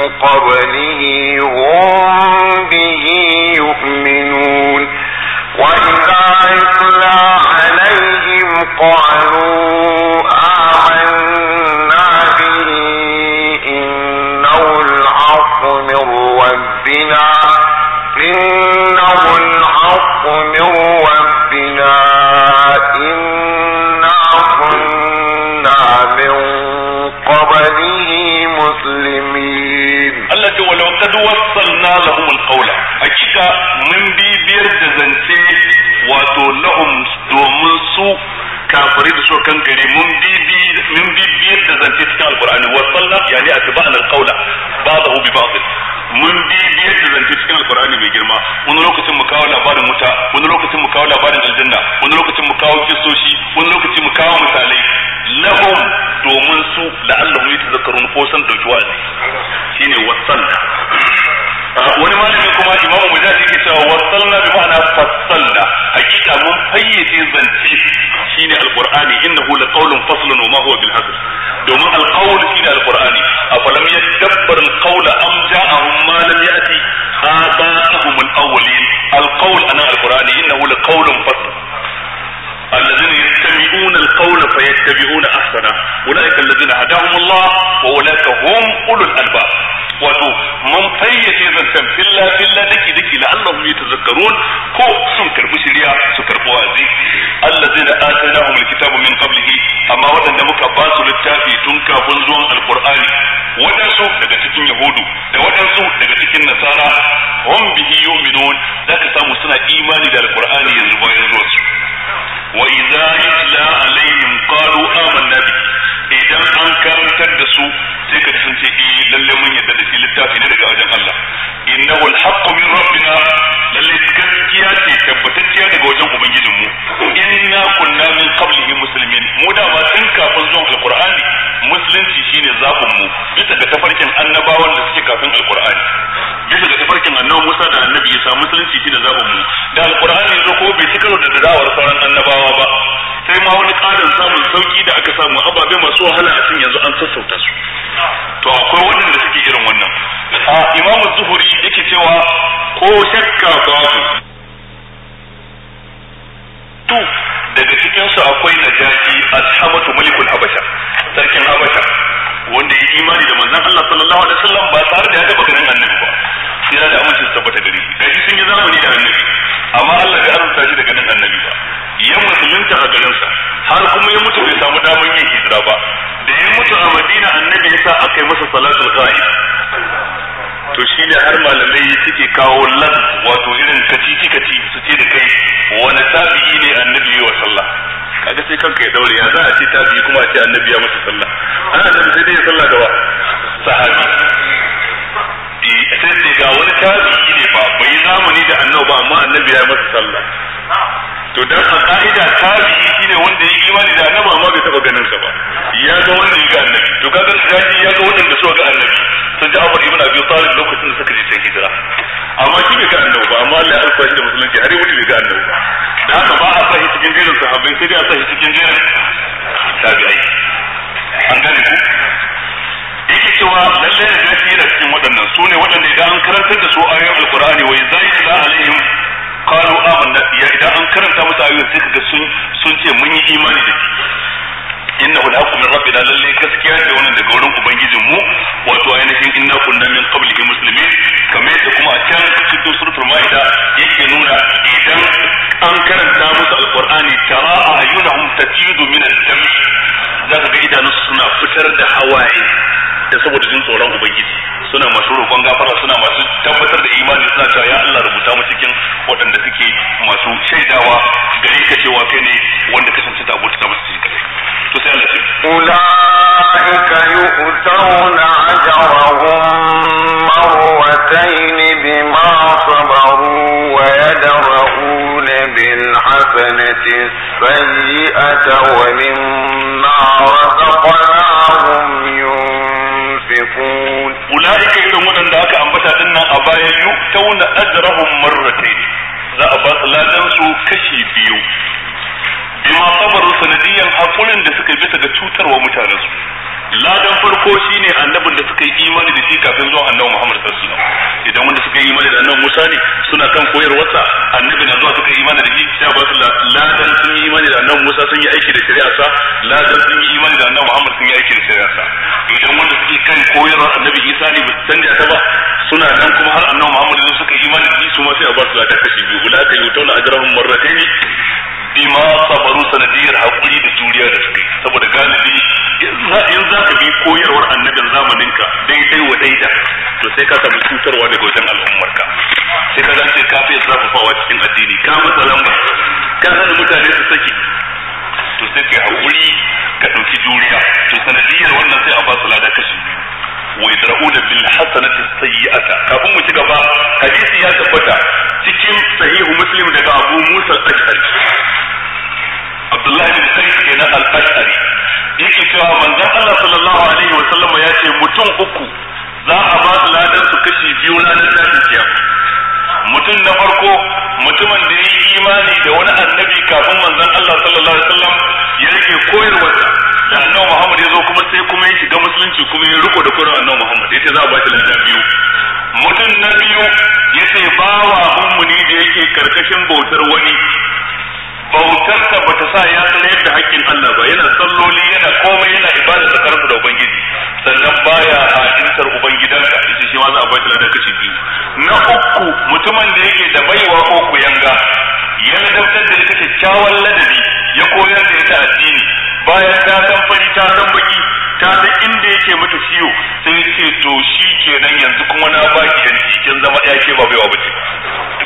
[SPEAKER 2] قبله هم به يؤمنون وإذا يتلى عليهم قالوا ce wa law qad wassalna lahum a
[SPEAKER 1] hakika mun bibiyar da zance wato lahum domin su kafirai da so kan gari mun bibi bibiyar da zance cikin alqur'ani wassalna yani atba'na alqawla ba'dahu bi ba'd mun yadda da zance cikin alkur'ani mai girma wani lokacin mu kawo labarin wuta wani lokacin mu kawo labarin aljanna
[SPEAKER 2] wani lokacin mu kawo kisoshi wani lokacin mu kawo misalai lahum domin
[SPEAKER 1] su la'allahu yatazakkarun ko san dauki shine wasan wani malami kuma imamu mujahid yake cewa wasalna bi ma'ana fassalna hakika mun fayyace zance shine alqur'ani innahu laqawlun faslun wa ma huwa bil hasr domin alqawl shine alqur'ani afalam yadabbar alqawla am ja'ahum ma lam ya'ti aba'ahum alawwalin alqawl ana alqur'ani innahu laqawlun faslun الذين يستمعون القول فيتبعون احسنه اولئك الذين هداهم الله واولئك هم اولو الالباب wato mun fayyace zancen filla filla dake dake la'allahum yatazakkarun ko sun karbi shirya su karbi wazi allazina atainahum alkitaba min qablihi amma waɗanda muka ba su littafi tun kafin zuwan alkur'ani waɗansu daga cikin yahudu da waɗansu daga cikin nasara hum bihi yu'minun da ka samu suna imani da alkur'ani yanzu bayan zuwansu wa idza yutla alaihim qalu amanna bi idan an karantar da su sai ka sun ce eh lalle mun yadda da shi littafi ne daga wajen Allah innahu alhaqqu min rabbina bisa ga tafarkin annabawan da suke kafin alkur'ani bisa ga tafarkin annabi Musa da annabi ya Isa musulunci shi da zaɓin mu da alkur'ani zo ko bai ci karo da dadawar sauran annabawa ba sai ma wani ƙarin samun sauki da aka samu ababe masu wahala a cikin yanzu an sassauta su to akwai waɗanda suke irin wannan a imam zuhuri yake cewa ko shakka babu tu daga cikinsu akwai najaji ashamatu malikul habasha sarkin habasha wanda ya imani da manzan Allah sallallahu alaihi wasallam ba tare da ya taba ganin annabi ba sai da amincin tabbata gari kai sun yi zamani da annabi amma Allah bai arzuta shi da ganin annabi ba ya musulunta a sa. har kuma ya mutu bai samu damar yin hijira ba da ya mutu a Madina annabi ya sa aka yi masa salatul ghaib
[SPEAKER 2] to shi ne har malamai suke kawo lan
[SPEAKER 1] wato irin kaci kaci su ce da kai wani tabi'i ne annabi wa sallah kaga sai kanka ya daure ya za a ce ta biyu kuma a ce annabi ya masa sallah ana da sai dai ya sallah da wa sahabi Eh, sai sai ga wani tabi'i ne ba bai zamani da annabi ba amma annabi ya masa sallah to dan a ka'ida tabi'i shine wanda ya imani da annabi amma bai taba ganin sa ba ya ga wanda ya ga annabi to kaga tabi'i ya ga wanda suka ga annabi sun ji Abu Ibn Abi Talib lokacin da suka je cikin hijira amma shi bai ga annabi ba amma Allah ya alfa shi da musulunci har yau bai ga annabi ba dan haka ba a sa shi cikin jerin sahabbai sai dai a sa shi cikin jerin tabi'ai an gane ku yake cewa lallai da gaske cikin waɗannan su ne waɗanda idan an karantar da su ayoyin alkur'ani wai zai za alaihim qalu amanna ya idan an karanta musu ayoyin sai sun sun ce mun yi imani da shi innahu al-haqqu min rabbina lallai gaskiya ce wannan daga wurin ubangijin mu wato ainihin inna kunna min qablihi muslimin kamar yadda kuma a can cikin suratul maida yake nuna idan an karanta musu alkur'ani tara ayunahum tafidu min ad-dam zaka ga idanunsu suna fitar da hawaye da saboda jin tsoron ubangiji suna masu roƙon gafara suna masu tabbatar da imani suna cewa ya Allah rubuta mu cikin waɗanda suke masu shaidawa gare ka cewa kai ne wanda ka tantance abu ta masu cikin kai to sai Allah
[SPEAKER 2] ulaika yu'tawna ajrahum marratayn bima sabaru wa yadra'un bil hasanati sayyi'ata wa mimma razaqna ulaika irin waɗanda aka ambata din a baya yu tauna ajrahum
[SPEAKER 1] marratayn za a ba su ladan su kashi biyu bima sabaru sanadiyan hakurin da suka bisa ga cutarwa mutanen ladan farko shine annabin da suka yi imani da shi kafin zuwa annabi Muhammad sallallahu alaihi wasallam idan wanda suka yi imani da annabi Musa ne suna kan koyarwarsa annabi na zuwa suka yi imani da shi sai ba su ladan sun yi imani da annabi Musa sun yi aiki da sa ladan sun yi imani da annabi Muhammad sun yi aiki da sa idan wanda suke kan koyarwa annabi Isa ne ba su canja ta ba suna nan kuma har annabi Muhammad suka yi imani da shi su ma sai a ba su ladan kashi biyu ladan ta ajrahum marratayn bima sabaru sanadiyar hakuri da juriya da suke saboda galibi in za ka bi koyarwar annabin zamanin ka daidai wa daida to sai ka samu cutarwa daga wajen al'ummarka sai ka zance ka fi zafafawa cikin addini ka masa lamba
[SPEAKER 2] ka hana mutane
[SPEAKER 1] su saki to sai kai hakuri ka ɗauki juriya to sanadiyar wannan sai a ba su lada kashi wa yadra'una bil hasanati sayyi'ata kafin mu ci gaba hadisi ya tabbata cikin sahihu muslim daga abu musa al-ashari abdullahi bin sayyid kenan al-ashari yake cewa manzon Allah sallallahu alaihi wa sallam ya ce mutum uku za a ba su ladan su kashi biyu na tashin kiya mutum na farko mutumin da ya yi imani da wani annabi kafin manzon Allah sallallahu alaihi wa sallam ya rike koyarwarsa da annabi Muhammad ya zo kuma sai kuma ya shiga musulunci kuma ya riko da koyarwar annabi Muhammad yace za a ba shi ladan biyu mutum na biyu yace bawa mummuni da yake karkashin bautar wani bautar ta bata sa ya san yadda hakkin Allah ba yana salloli yana komai yana ibada ta karfu da ubangiji sannan baya ubangidan ubangidanka yace shi ma za a bashi ladan biyu na uku mutumin da yake da baiwa ko kuyanga ya ladabtar da ita kyakkyawan ladabi ya koyar da ita addini bayan ta san fari ta san baki ta san inda yake mata ciwo sai ce to shi kenan yanzu kuma na baki yanki kin zama yake ba baiwa ba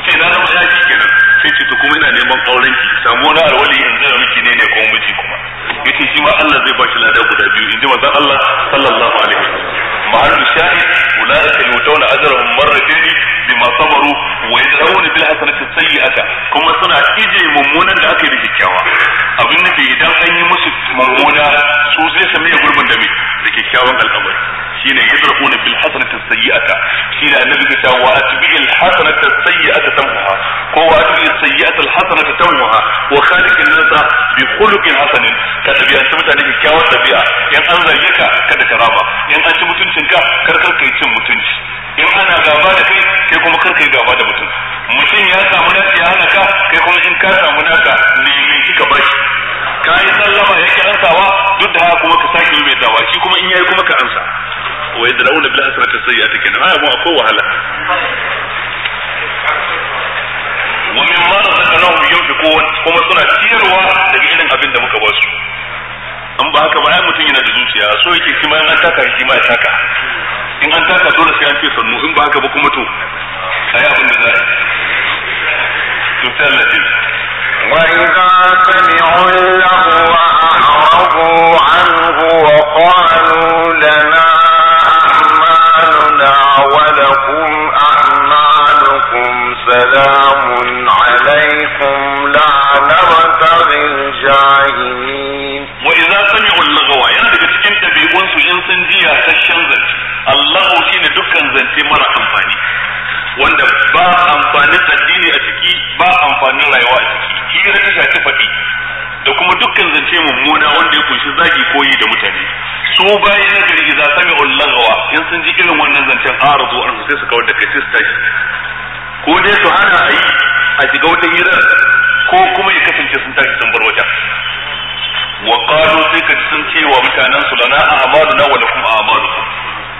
[SPEAKER 1] ce na zama yake kenan sai ce to kuma ina neman auren ki samu wani alwali in zai miki ne ne ko miji kuma yace shi ma Allah zai bashi lada guda biyu inji manzon Allah sallallahu alaihi wasallam ma'al shahid ulaika yutawna ajrahum marratayn bima sabaru wa yad'una bil hasanati sayyi'ata kuma suna ije mummunan da aka yi da kyakkyawa abin da idan an yi musu mummuna su zai miya gurbin da mai da kyakkyawan al'amari shine yadrauna bil hasanati sayyi'ata shine annabi ke cewa wa atbi'il hasanata sayyi'ata tamha ko wa atbi'il sayyi'ata al hasanata tamha wa khaliqin nasa bi khuluqin hasanin ka tabi'a ta mutane kyakkyawar tabi'a in an zarge ka kada ka rama in an ci mutuncin ka kar kar kai cin mutunci
[SPEAKER 2] in ana gaba da
[SPEAKER 1] kai kai kuma kar kai gaba da mutum mutum ya samu nasi ya hana ka kai kuma in ka samu naka ne ka kika bashi ka yi sallama yake ansawa duk da haka kuma ka sake yi mai dawa shi kuma in yayi kuma ka ansa ويدرون ويدلون بالأسرة سيئتك ها هي موقوة هلا ومن انهم ما رزقناهم ينفقون كما سنة تيروا لجعلن أبن دمك باسو أم بحك بأي متنين الدنسية سوى يكي كما ينتاكا كما ينتاكا إن أنتاكا دولة سيانتي سنو إن بحك بكمتو
[SPEAKER 2] سيا أبن بزاي تبتال لجل وإذا سمعوا الله وأعرضوا عنه وقالوا لا سلام عليكم لا نبتغي الجاهلين وإذا سمعوا اللغو يعني
[SPEAKER 1] wanda ba addini a ciki ba amfanin rayuwa a ciki hira ta shafi faɗi da kuma dukkan zance mummuna wanda ya kunshi zagi koyi da mutane su bayan na gari idza sami'u lagawa in sun ji irin wannan zancen arzu an sai su kawar da kai sai su ko dai su hana a yi a shiga wata hirar ko kuma ya kasance sun tashi sun bar wajen wa qalu sai ka sun ce wa mutanen su lana a'maluna wa lakum a'malukum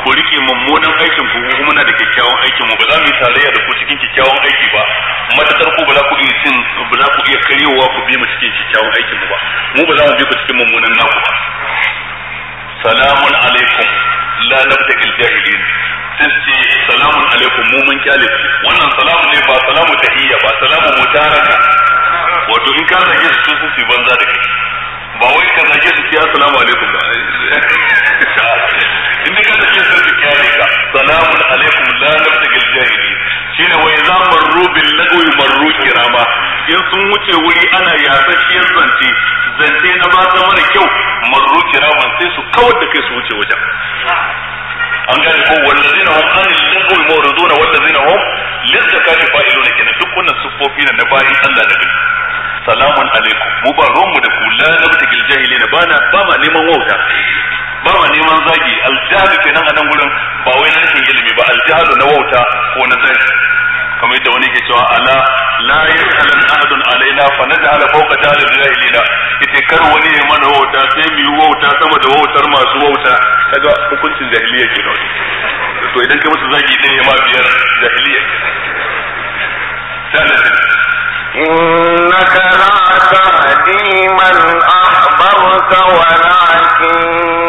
[SPEAKER 1] ku rike mummunan aikin ku kuma muna da kyakkyawan aikin mu ba za mu yi tarayya da ku cikin kyakkyawan aiki ba matakar ku ba za ku iya cin ba za ku iya karyowa ku bi mu cikin kyakkyawan aikin mu ba mu ba za mu bi ku cikin mummunan naku ba salamun alaikum la nabtaqil jahilin sai salamun alaikum mu mun kyale wannan salamu ne ba salamu tahiyya ba salamu mutaraka wato in ka zage su su su banza da kai ba wai ka zage su ya salamu alaikum ba in ka zage su su kyale ka salamun alaikum la nabtagil jahili shine wai za marru bil lagwi marru kirama in sun wuce wuri ana yasasshiyar zance zance na ba ta mara kyau marru kiraman sai su kawar da kai su wuce
[SPEAKER 2] wajen an gane ko wallazina hum anil lagwi muridun wallazina hum lizzakati fa'ilun kenan duk wannan sufofi na bayin Allah da duk salamun alaikum mu ba ruwanmu da ku la nabtagil
[SPEAKER 1] jahilina bana ba ma neman wauta ba ma neman zagi aljahalu kenan a nan gurin ba wai na rashin ilimi ba aljahalu na wauta ko na zagi kamar yadda wani ke cewa ala la yasalan ahadun alaina fa naj'ala fawqa ta'ala jahilina ite kar wani ya mana wauta sai mu yi wauta sama da wautar masu wauta kaga hukuncin jahiliya ke nan to idan kai musu zagi dai ya ma biyar jahiliya
[SPEAKER 2] إنك لا تهدي من أحببت ولكن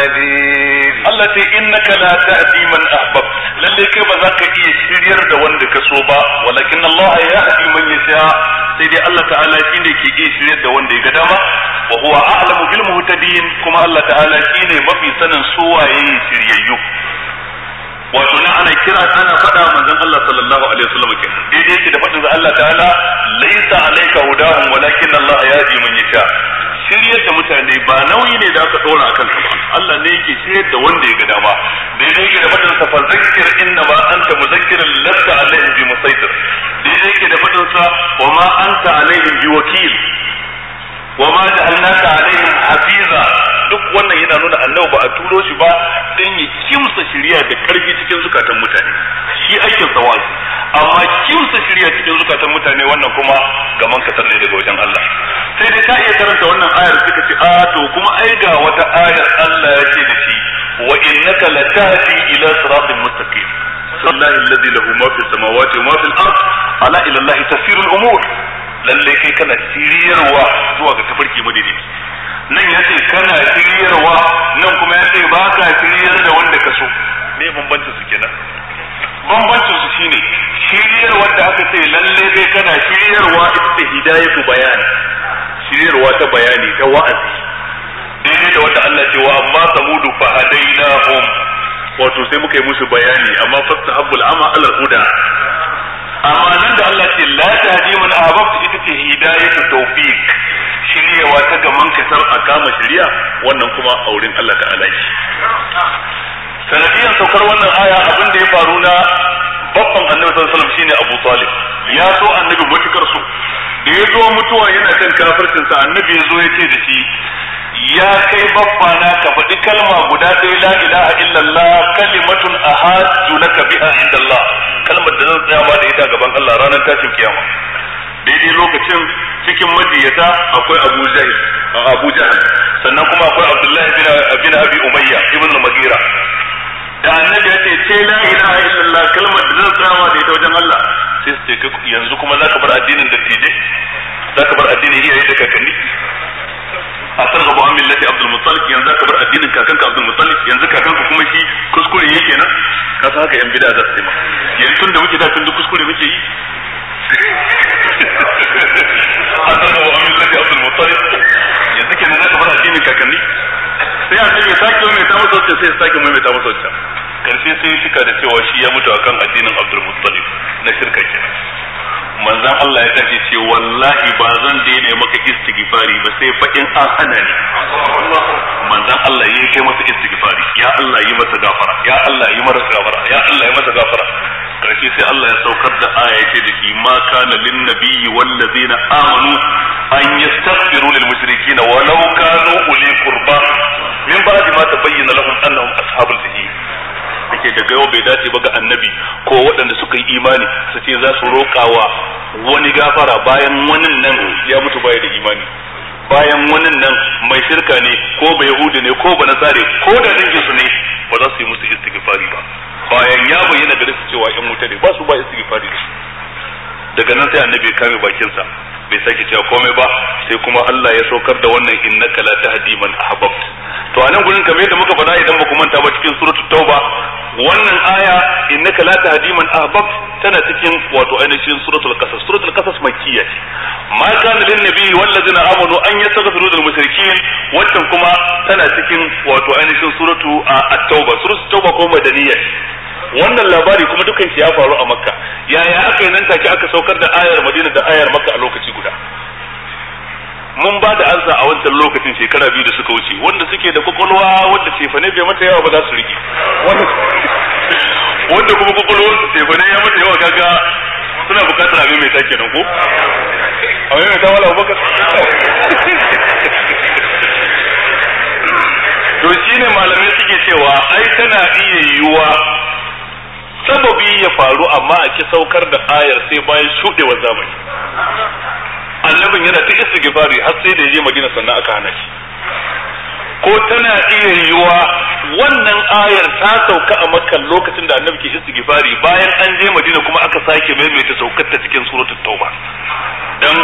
[SPEAKER 2] السبيل الله تي إنك لا تهدي من أحببت
[SPEAKER 1] للي كيف ذاك إيه سيرير دا وند كسوبا ولكن الله يهدي من يشاء سيدي الله تعالى شيني كي إيه سيرير دا وند قدما وهو أعلم بالمهتدين كما الله تعالى شيني ما في سنة سوى إيه سيريو wato na ana kira ana fada manzon Allah sallallahu alaihi wasallam ke daidai yake da fadin Allah ta'ala laisa alayka hudahum walakin Allah yahdi man yasha shiryar da mutane ba nauyi ne da aka dora akan su ba Allah ne yake shiryar da wanda ya ga dama ya ke da fatan sa fazakkir inna ma anta muzakkirun lasta alaihim bi musaitir daidai yake da fatan sa wa ma anta alaihim bi wakil wa ma ja'alnaka alaihim hafiza duk wannan yana nuna annabi ba a turo shi ba dan ya kimsa shirya da karfi cikin zukatan mutane shi aikin sa wazi amma kimsa shirya cikin zukatan mutane wannan kuma gaman kasar ne daga wajen Allah sai dai ta iya karanta wannan ayar suka ce a to kuma ai ga wata ayar Allah ya ce da shi wa innaka latahdi ila siratin mustaqim sallallahu alladhi lahu ma fi samawati wa ma fil ard ala ila allahi tasirul umur lalle kai kana siriyarwa zuwa ga tafarki madaidaici nan ya ce kana siriyarwa nan kuma ya ce ba ka siriyar da wanda ka so me bambancin su kenan bambancin su shine Siriyar da aka ce lalle kai kana siriyarwa ita ce hidayatu bayani Siriyarwa ta bayani ta wa'azi dai da wanda Allah ce wa amma samudu fa hadainahum wato sai muka yi musu bayani amma fastahabbul ama alal huda amma nan da Allah ce la tahdi man ahbabta ita ce hidayatu tawfiq shiryewa ta ga mankasar a kama shari'a wannan kuma auren Allah ta'ala shi sanadiyan saukar
[SPEAKER 2] wannan aya abin
[SPEAKER 1] da ya faru na babban annabi sallallahu alaihi wasallam shine Abu Talib ya so annabi matukar su. da ya zo mutuwa yana kan kafircinsa annabi ya zo ya ce da shi ya kai babbana ka faɗi kalma guda ɗaya la ilaha illallah kalimatun ahadu laka biha Allah kalmar da zan tsaya ma da ita gaban Allah ranar tashin kiyama daidai lokacin cikin majiyata akwai Abu Jahil Abu Jahl sannan kuma akwai Abdullah bin Abi Umayya ibn Mughira da annabi ya ce ce la ilaha illallah kalmar da zan tsawa da ita wajen Allah sai su ce yanzu kuma zaka bar addinin da tije zaka bar addinin iyaye da kakanni a san gaba amin millati abdul muttalib yanzu zaka bar addinin kakanka abdul muttalib yanzu kakanka kuma shi kuskure yake nan ka san haka yan bid'a za su yi ma yanzu tun da muke da tun da kuskure muke yi a san gaba amin millati abdul muttalib yanzu kenan zaka bar addinin kakanni sai annabi ya sake mai ta mutu wancan sai ya sake mai ta mutu wancan karshe sai shika da cewa shi ya mutu akan addinin Abdul Muttalib na shirka ke manzan Allah ya tashi ce wallahi ba zan daina maka istighfari ba sai fakin an hana ni manzan Allah ya kai masa istighfari ya Allah yi masa gafara ya Allah yi masa gafara ya Allah yi masa gafara karshe sai Allah ya saukar da aya da shi ma kana lin nabiyyi wal amanu an yastaghfiru lil mushrikeen walau kanu uli qurba min ba'd ma tabayyana lahum annahum ashabul jahim dake daga yau bai dace ba ga annabi ko waɗanda suka yi imani su ce za su rokawa wani gafara bayan wani nan ya mutu baya da imani bayan wani nan mai shirka ne ko bai hudu ne ko ba tsare ko da dangin su ne ba za su yi musu istighfari ba bayan ya bayyana gare su cewa yan wuta ne ba su ba istighfari da daga nan sai annabi ya kame bakinsa bai sake cewa komai ba sai kuma Allah ya saukar da wannan innaka la tahdi man ahbabt to anan gurin kamar yadda muka faɗa idan muka manta ba cikin suratul tauba wannan aya innaka la tahdi man ahbabt tana cikin wato ainihin suratul qasas suratul qasas makkiyya ce ma kana lin nabiyyi wal ladzina amanu an yastaghfiru lil mushrikeen wannan kuma tana cikin wato ainihin suratu at-tauba suratul tauba ko madaniyya wannan labari kuma dukkan shi ya faru a makka yaya aka yi nan take aka saukar da ayar madina da ayar makka a lokaci guda mun ba da ansa a wancan lokacin shekara biyu da suka wuce wanda suke da kwakwalwa wanda cefane bai mata yawa ba za su rike wanda kuma kwakwalwar cefane ya mata yawa kaga suna bukatar abin mai sake nan ko wani mai tawala abubakar to shine malamai suke cewa ai tana iya yiwuwa sababi ya faru amma a ki saukar da ayar sai bayan shudewar zamani annabin yana ta gifari har sai da ya je Madina sannan aka hana shi ko tana iya yiwuwa wannan ayar ta sauka a makar lokacin da annabi ke gifari bayan an je Madina kuma aka sake maimaita saukar ta cikin suratul tauba dan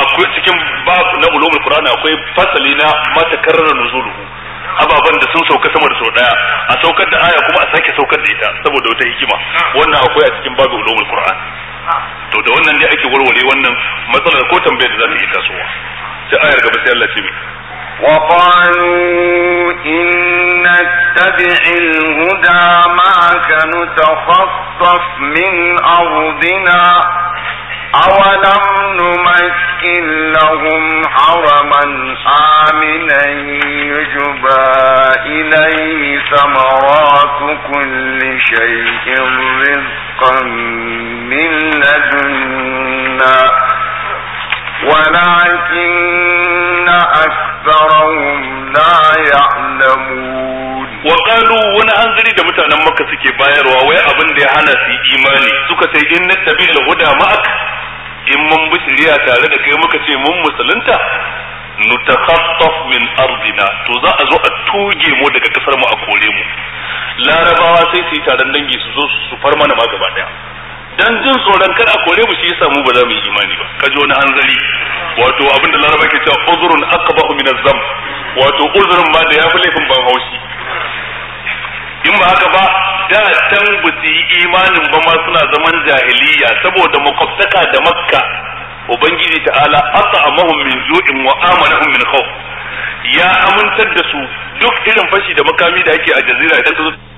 [SPEAKER 1] akwai cikin babu na ulumul qur'ani akwai fasali na matakarrar nuzuluhu ababen da sun sauka sama da sau daya a saukar da aya kuma a sake saukar da ita saboda wata hikima wannan akwai a cikin babu ulumul qur'an to da wannan ne ake warware wannan matsalar ko
[SPEAKER 2] tambayar da za ta yi tasowa sai ayar gaba sai Allah ce mai وقالوا إن نتبع الهدى معك نتخطف من أرضنا أولم نمكن لهم حرما آمنا يجبى إليه ثمرات كل شيء رزقا من لدنا ولكن أكثرهم لا
[SPEAKER 1] يعلمون وقالوا wani hanzari da mutanen maka suke bayarwa wai abin da ya hana su imani suka sai in nattabi al-huda in mun bi shirya tare da kai muka ce mun musulunta nutakhattaf min ardina to za a zo a tuge mu daga kasar mu a kore mu larabawa sai su yi taron dangi su zo su far mana ma gaba dan jin tsoron kar a kore mu shi yasa mu ba za mu yi imani ba Ka ji wani hanzari wato abinda laraba ke cewa uzrun aqbahu min azam wato uzrun ma da fi laifin ban haushi in ba haka ba da can ba yi imanin ba ma suna zaman jahiliya saboda makwabtaka da makka ubangiji ta'ala amahum min zu'in wa amanahum min khawf ya amintar da su duk irin fashi da makami da yake a jazira idan ka zo